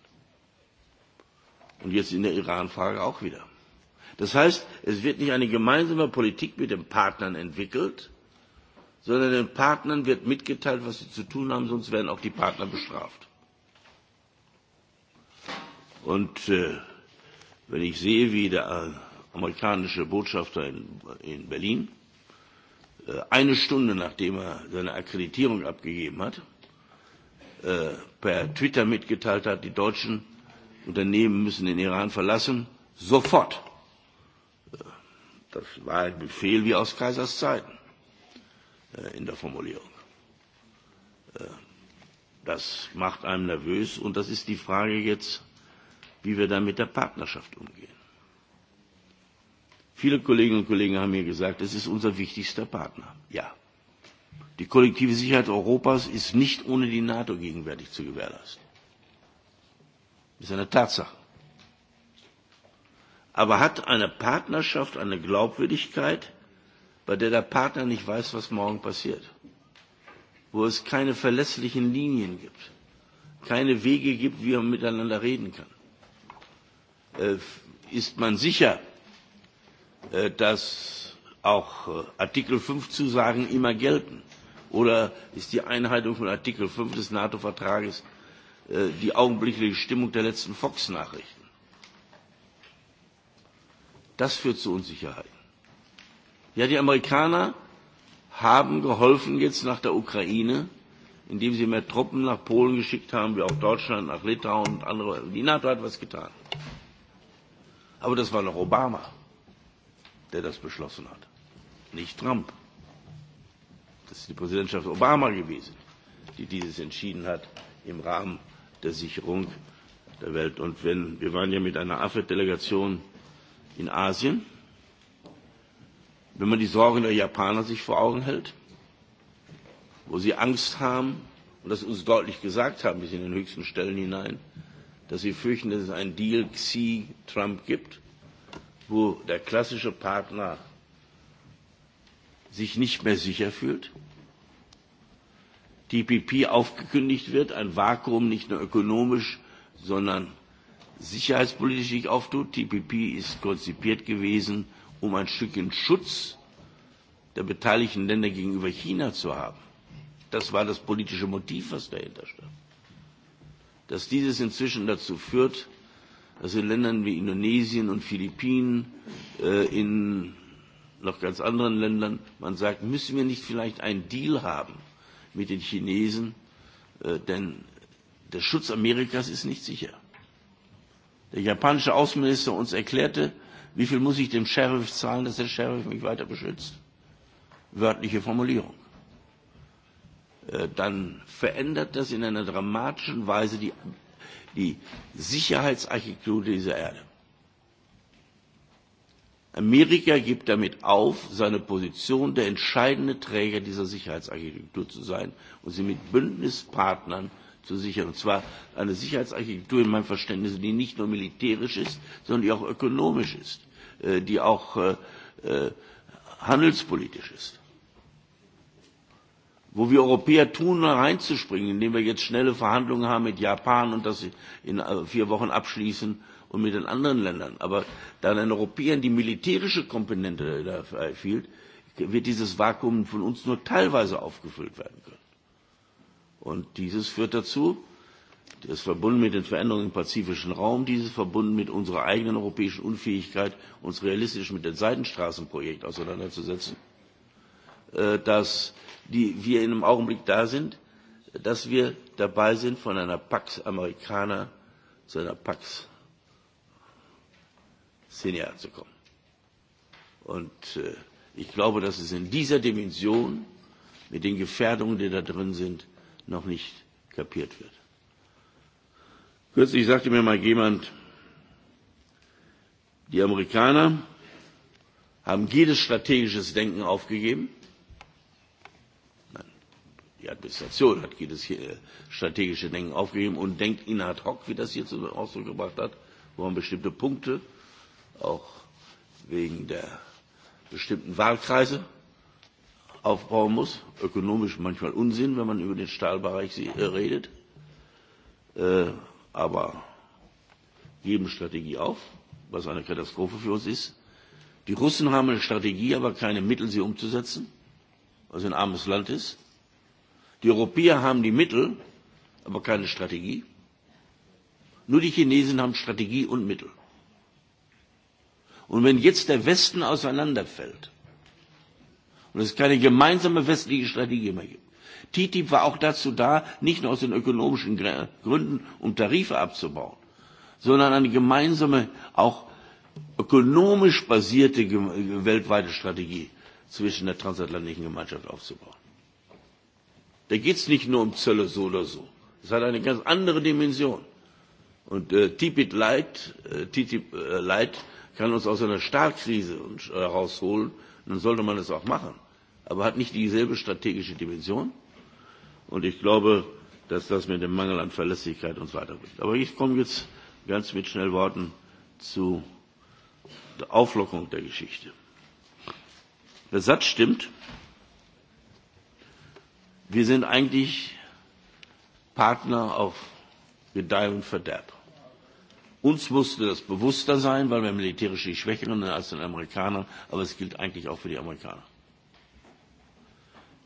Und jetzt in der Iran-Frage auch wieder. Das heißt, es wird nicht eine gemeinsame Politik mit den Partnern entwickelt, sondern den Partnern wird mitgeteilt, was sie zu tun haben, sonst werden auch die Partner bestraft. Und äh, wenn ich sehe, wie der äh, amerikanische Botschafter in, in Berlin äh, eine Stunde nachdem er seine Akkreditierung abgegeben hat, äh, per Twitter mitgeteilt hat, die Deutschen Unternehmen müssen den Iran verlassen, sofort. Das war ein Befehl wie aus Kaisers Zeiten äh, in der Formulierung. Äh, das macht einem nervös und das ist die Frage jetzt, wie wir dann mit der Partnerschaft umgehen. Viele Kolleginnen und Kollegen haben mir gesagt, es ist unser wichtigster Partner. Ja. Die kollektive Sicherheit Europas ist nicht ohne die NATO gegenwärtig zu gewährleisten ist eine Tatsache. Aber hat eine Partnerschaft eine Glaubwürdigkeit, bei der der Partner nicht weiß, was morgen passiert? Wo es keine verlässlichen Linien gibt, keine Wege gibt, wie man miteinander reden kann? Äh, ist man sicher, äh, dass auch äh, Artikel 5 Zusagen immer gelten? Oder ist die Einhaltung von Artikel 5 des NATO-Vertrages Äh, die augenblickliche Stimmung der letzten Fox-Nachrichten. Das führt zu Unsicherheiten. Ja, die Amerikaner haben geholfen jetzt nach der Ukraine, indem sie mehr Truppen nach Polen geschickt haben, wie auch Deutschland, nach Litauen und andere. Die NATO hat was getan. Aber das war noch Obama, der das beschlossen hat, nicht Trump. Das ist die Präsidentschaft Obama gewesen, die dieses entschieden hat im Rahmen der Sicherung der Welt. Und wenn, wir waren ja mit einer afet delegation in Asien. Wenn man die Sorgen der Japaner sich vor Augen hält, wo sie Angst haben und das uns deutlich gesagt haben, bis in den höchsten Stellen hinein, dass sie fürchten, dass es einen Deal Xi-Trump gibt, wo der klassische Partner sich nicht mehr sicher fühlt, TPP aufgekündigt wird, ein Vakuum nicht nur ökonomisch, sondern sicherheitspolitisch sich auftut. TPP ist konzipiert gewesen, um ein Stückchen Schutz der beteiligten Länder gegenüber China zu haben. Das war das politische Motiv, was dahinter stand. Dass dieses inzwischen dazu führt, dass in Ländern wie Indonesien und Philippinen, äh, in noch ganz anderen Ländern, man sagt, müssen wir nicht vielleicht einen Deal haben mit den Chinesen, äh, denn der Schutz Amerikas ist nicht sicher. Der japanische Außenminister uns erklärte, wie viel muss ich dem Sheriff zahlen, dass der Sheriff mich weiter beschützt? Wörtliche Formulierung. Äh, dann verändert das in einer dramatischen Weise die, die Sicherheitsarchitektur dieser Erde. Amerika gibt damit auf, seine Position der entscheidende Träger dieser Sicherheitsarchitektur zu sein und sie mit Bündnispartnern zu sichern. Und zwar eine Sicherheitsarchitektur in meinem Verständnis, die nicht nur militärisch ist, sondern die auch ökonomisch ist, äh, die auch äh, äh, handelspolitisch ist. Wo wir Europäer tun, reinzuspringen, indem wir jetzt schnelle Verhandlungen haben mit Japan und das in vier Wochen abschließen, äh, und mit den anderen Ländern. Aber da den Europäern die militärische Komponente da fehlt, wird dieses Vakuum von uns nur teilweise aufgefüllt werden können. Und dieses führt dazu, das ist verbunden mit den Veränderungen im pazifischen Raum, dieses verbunden mit unserer eigenen europäischen Unfähigkeit, uns realistisch mit dem Seidenstraßenprojekt auseinanderzusetzen, äh, dass die, wir in einem Augenblick da sind, dass wir dabei sind, von einer Pax Amerikaner zu einer Pax zehn Jahren zu kommen. Und äh, ich glaube, dass es in dieser Dimension mit den Gefährdungen, die da drin sind, noch nicht kapiert wird. Kürzlich sagte mir mal jemand, die Amerikaner haben jedes strategisches Denken aufgegeben. die Administration hat jedes äh, strategische Denken aufgegeben und denkt in ad hoc, wie das hier zum Ausdruck gebracht hat, wo man bestimmte Punkte auch wegen der bestimmten Wahlkreise aufbauen muss. Ökonomisch manchmal Unsinn, wenn man über den Stahlbereich äh, redet. Äh, aber geben Strategie auf, was eine Katastrophe für uns ist. Die Russen haben eine Strategie, aber keine Mittel, sie umzusetzen, was ein armes Land ist. Die Europäer haben die Mittel, aber keine Strategie. Nur die Chinesen haben Strategie und Mittel. Und wenn jetzt der Westen auseinanderfällt und es keine gemeinsame westliche Strategie mehr gibt, TTIP war auch dazu da, nicht nur aus den ökonomischen Gründen, um Tarife abzubauen, sondern eine gemeinsame, auch ökonomisch basierte weltweite Strategie zwischen der transatlantischen Gemeinschaft aufzubauen. Da geht es nicht nur um Zölle so oder so. Es hat eine ganz andere Dimension. Und äh, TTIP Light, äh, TTIP äh, Light kann uns aus einer Stahlkrise herausholen, äh, dann sollte man es auch machen. Aber hat nicht dieselbe strategische Dimension. Und ich glaube, dass das mit dem Mangel an Verlässlichkeit uns weiterbringt. Aber ich komme jetzt ganz mit schnell Worten zu der Auflockung der Geschichte. Der Satz stimmt. Wir sind eigentlich Partner auf Gedeih und Verderb. Uns musste das bewusster sein, weil wir militärisch die Schwächeren sind als den Amerikanern, aber es gilt eigentlich auch für die Amerikaner.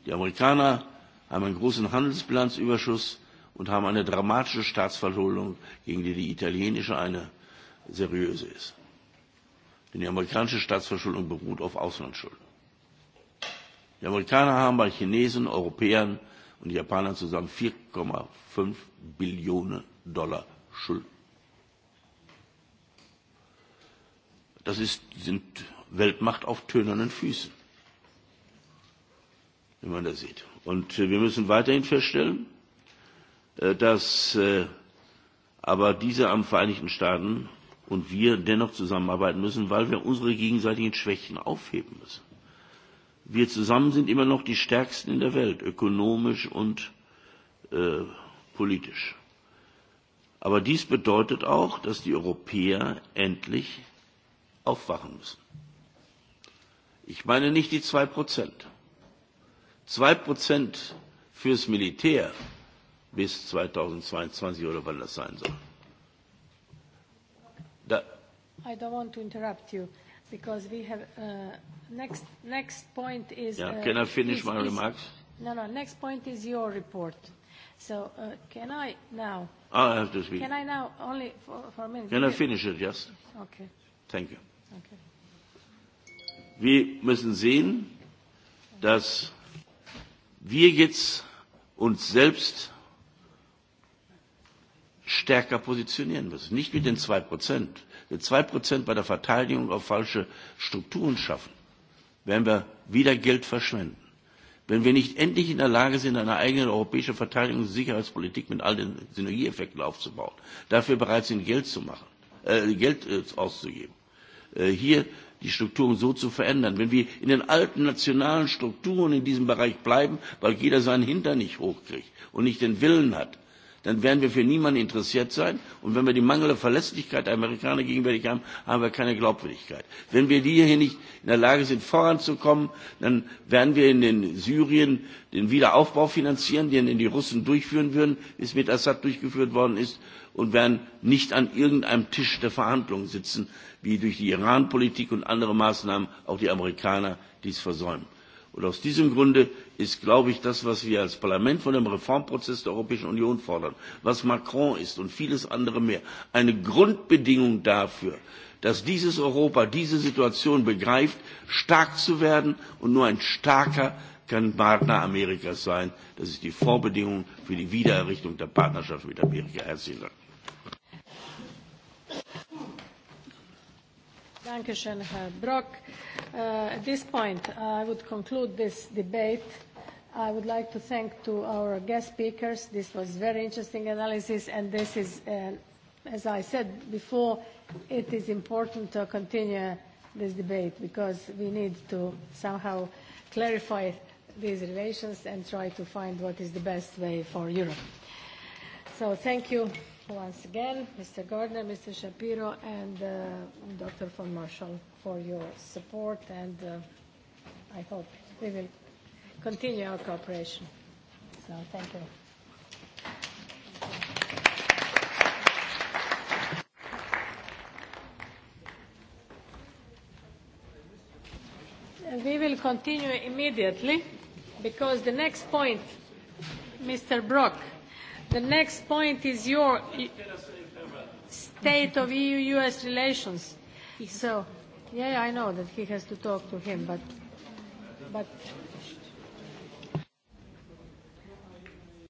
Die Amerikaner haben einen großen Handelsbilanzüberschuss und haben eine dramatische Staatsverschuldung, gegen die die italienische eine seriöse ist. Denn die amerikanische Staatsverschuldung beruht auf Auslandsschulden. Die Amerikaner haben bei Chinesen, Europäern und Japanern zusammen 4,5 Billionen Dollar Schulden. Das ist, sind Weltmacht auf tönernen Füßen, wie man das sieht. Und äh, wir müssen weiterhin feststellen, äh, dass äh, aber diese am Vereinigten Staaten und wir dennoch zusammenarbeiten müssen, weil wir unsere gegenseitigen Schwächen aufheben müssen. Wir zusammen sind immer noch die stärksten in der Welt, ökonomisch und äh, politisch. Aber dies bedeutet auch, dass die Europäer endlich aufwachen müssen. Ich meine nicht die zwei Prozent. Zwei Prozent fürs Militär bis 2022 oder wann das sein soll. Da I don't want to interrupt you because we have uh, next next point is. Uh, ja, can I finish is, my is, remarks? No, no. Next point is your report. So uh, can I now? Ah, I have to speak. Can I now only for, for a minute? Can I finish it? Yes. Okay. Thank you. Wir müssen sehen, dass wir jetzt uns selbst stärker positionieren müssen. Nicht mit den 2%. Wenn 2% bei der Verteidigung auf falsche Strukturen schaffen, werden wir wieder Geld verschwenden. Wenn wir nicht endlich in der Lage sind, eine eigene europäische Verteidigungs- und Sicherheitspolitik mit all den Synergieeffekten aufzubauen, dafür bereit sind, Geld zu machen, äh, Geld äh, auszugeben, Äh, hier die Strukturen so zu verändern. Wenn wir in den alten nationalen Strukturen in diesem Bereich bleiben, weil jeder seinen Hintern nicht hochkriegt und nicht den Willen hat, dann werden wir für niemanden interessiert sein. Und wenn wir die mangelnde Verlässlichkeit der Amerikaner gegenwärtig haben, haben wir keine Glaubwürdigkeit. Wenn wir die hier nicht in der Lage sind, voranzukommen, dann werden wir in den Syrien den Wiederaufbau finanzieren, den die Russen durchführen würden, wie es mit Assad durchgeführt worden ist, und werden nicht an irgendeinem Tisch der Verhandlungen sitzen, wie durch die Iran-Politik und andere Maßnahmen auch die Amerikaner dies versäumen. Und aus diesem Grunde ist, glaube ich, das, was wir als Parlament von dem Reformprozess der Europäischen Union fordern, was Macron ist und vieles andere mehr, eine Grundbedingung dafür, dass dieses Europa diese Situation begreift, stark zu werden und nur ein starker kann Partner Amerikas sein. Das ist die Vorbedingung für die Wiedererrichtung der Partnerschaft mit Amerika. Herzlichen Dank. Dankeschön, Herr Brock. Uh, at this point, I would conclude this debate. I would like to thank to our guest speakers. This was very interesting analysis, and this is, uh, as I said before, it is important to continue this debate because we need to somehow clarify these relations and try to find what is the best way for Europe. So thank you once again, Mr. Gardner, Mr. Shapiro, and uh, Dr. von Marshall for your support, and uh, I hope we will continue our cooperation. So thank you. And we will continue immediately because the next point, Mr. Brock, The next point is your state of EU-US relations. So, yeah, I know that he has to talk to him, but, but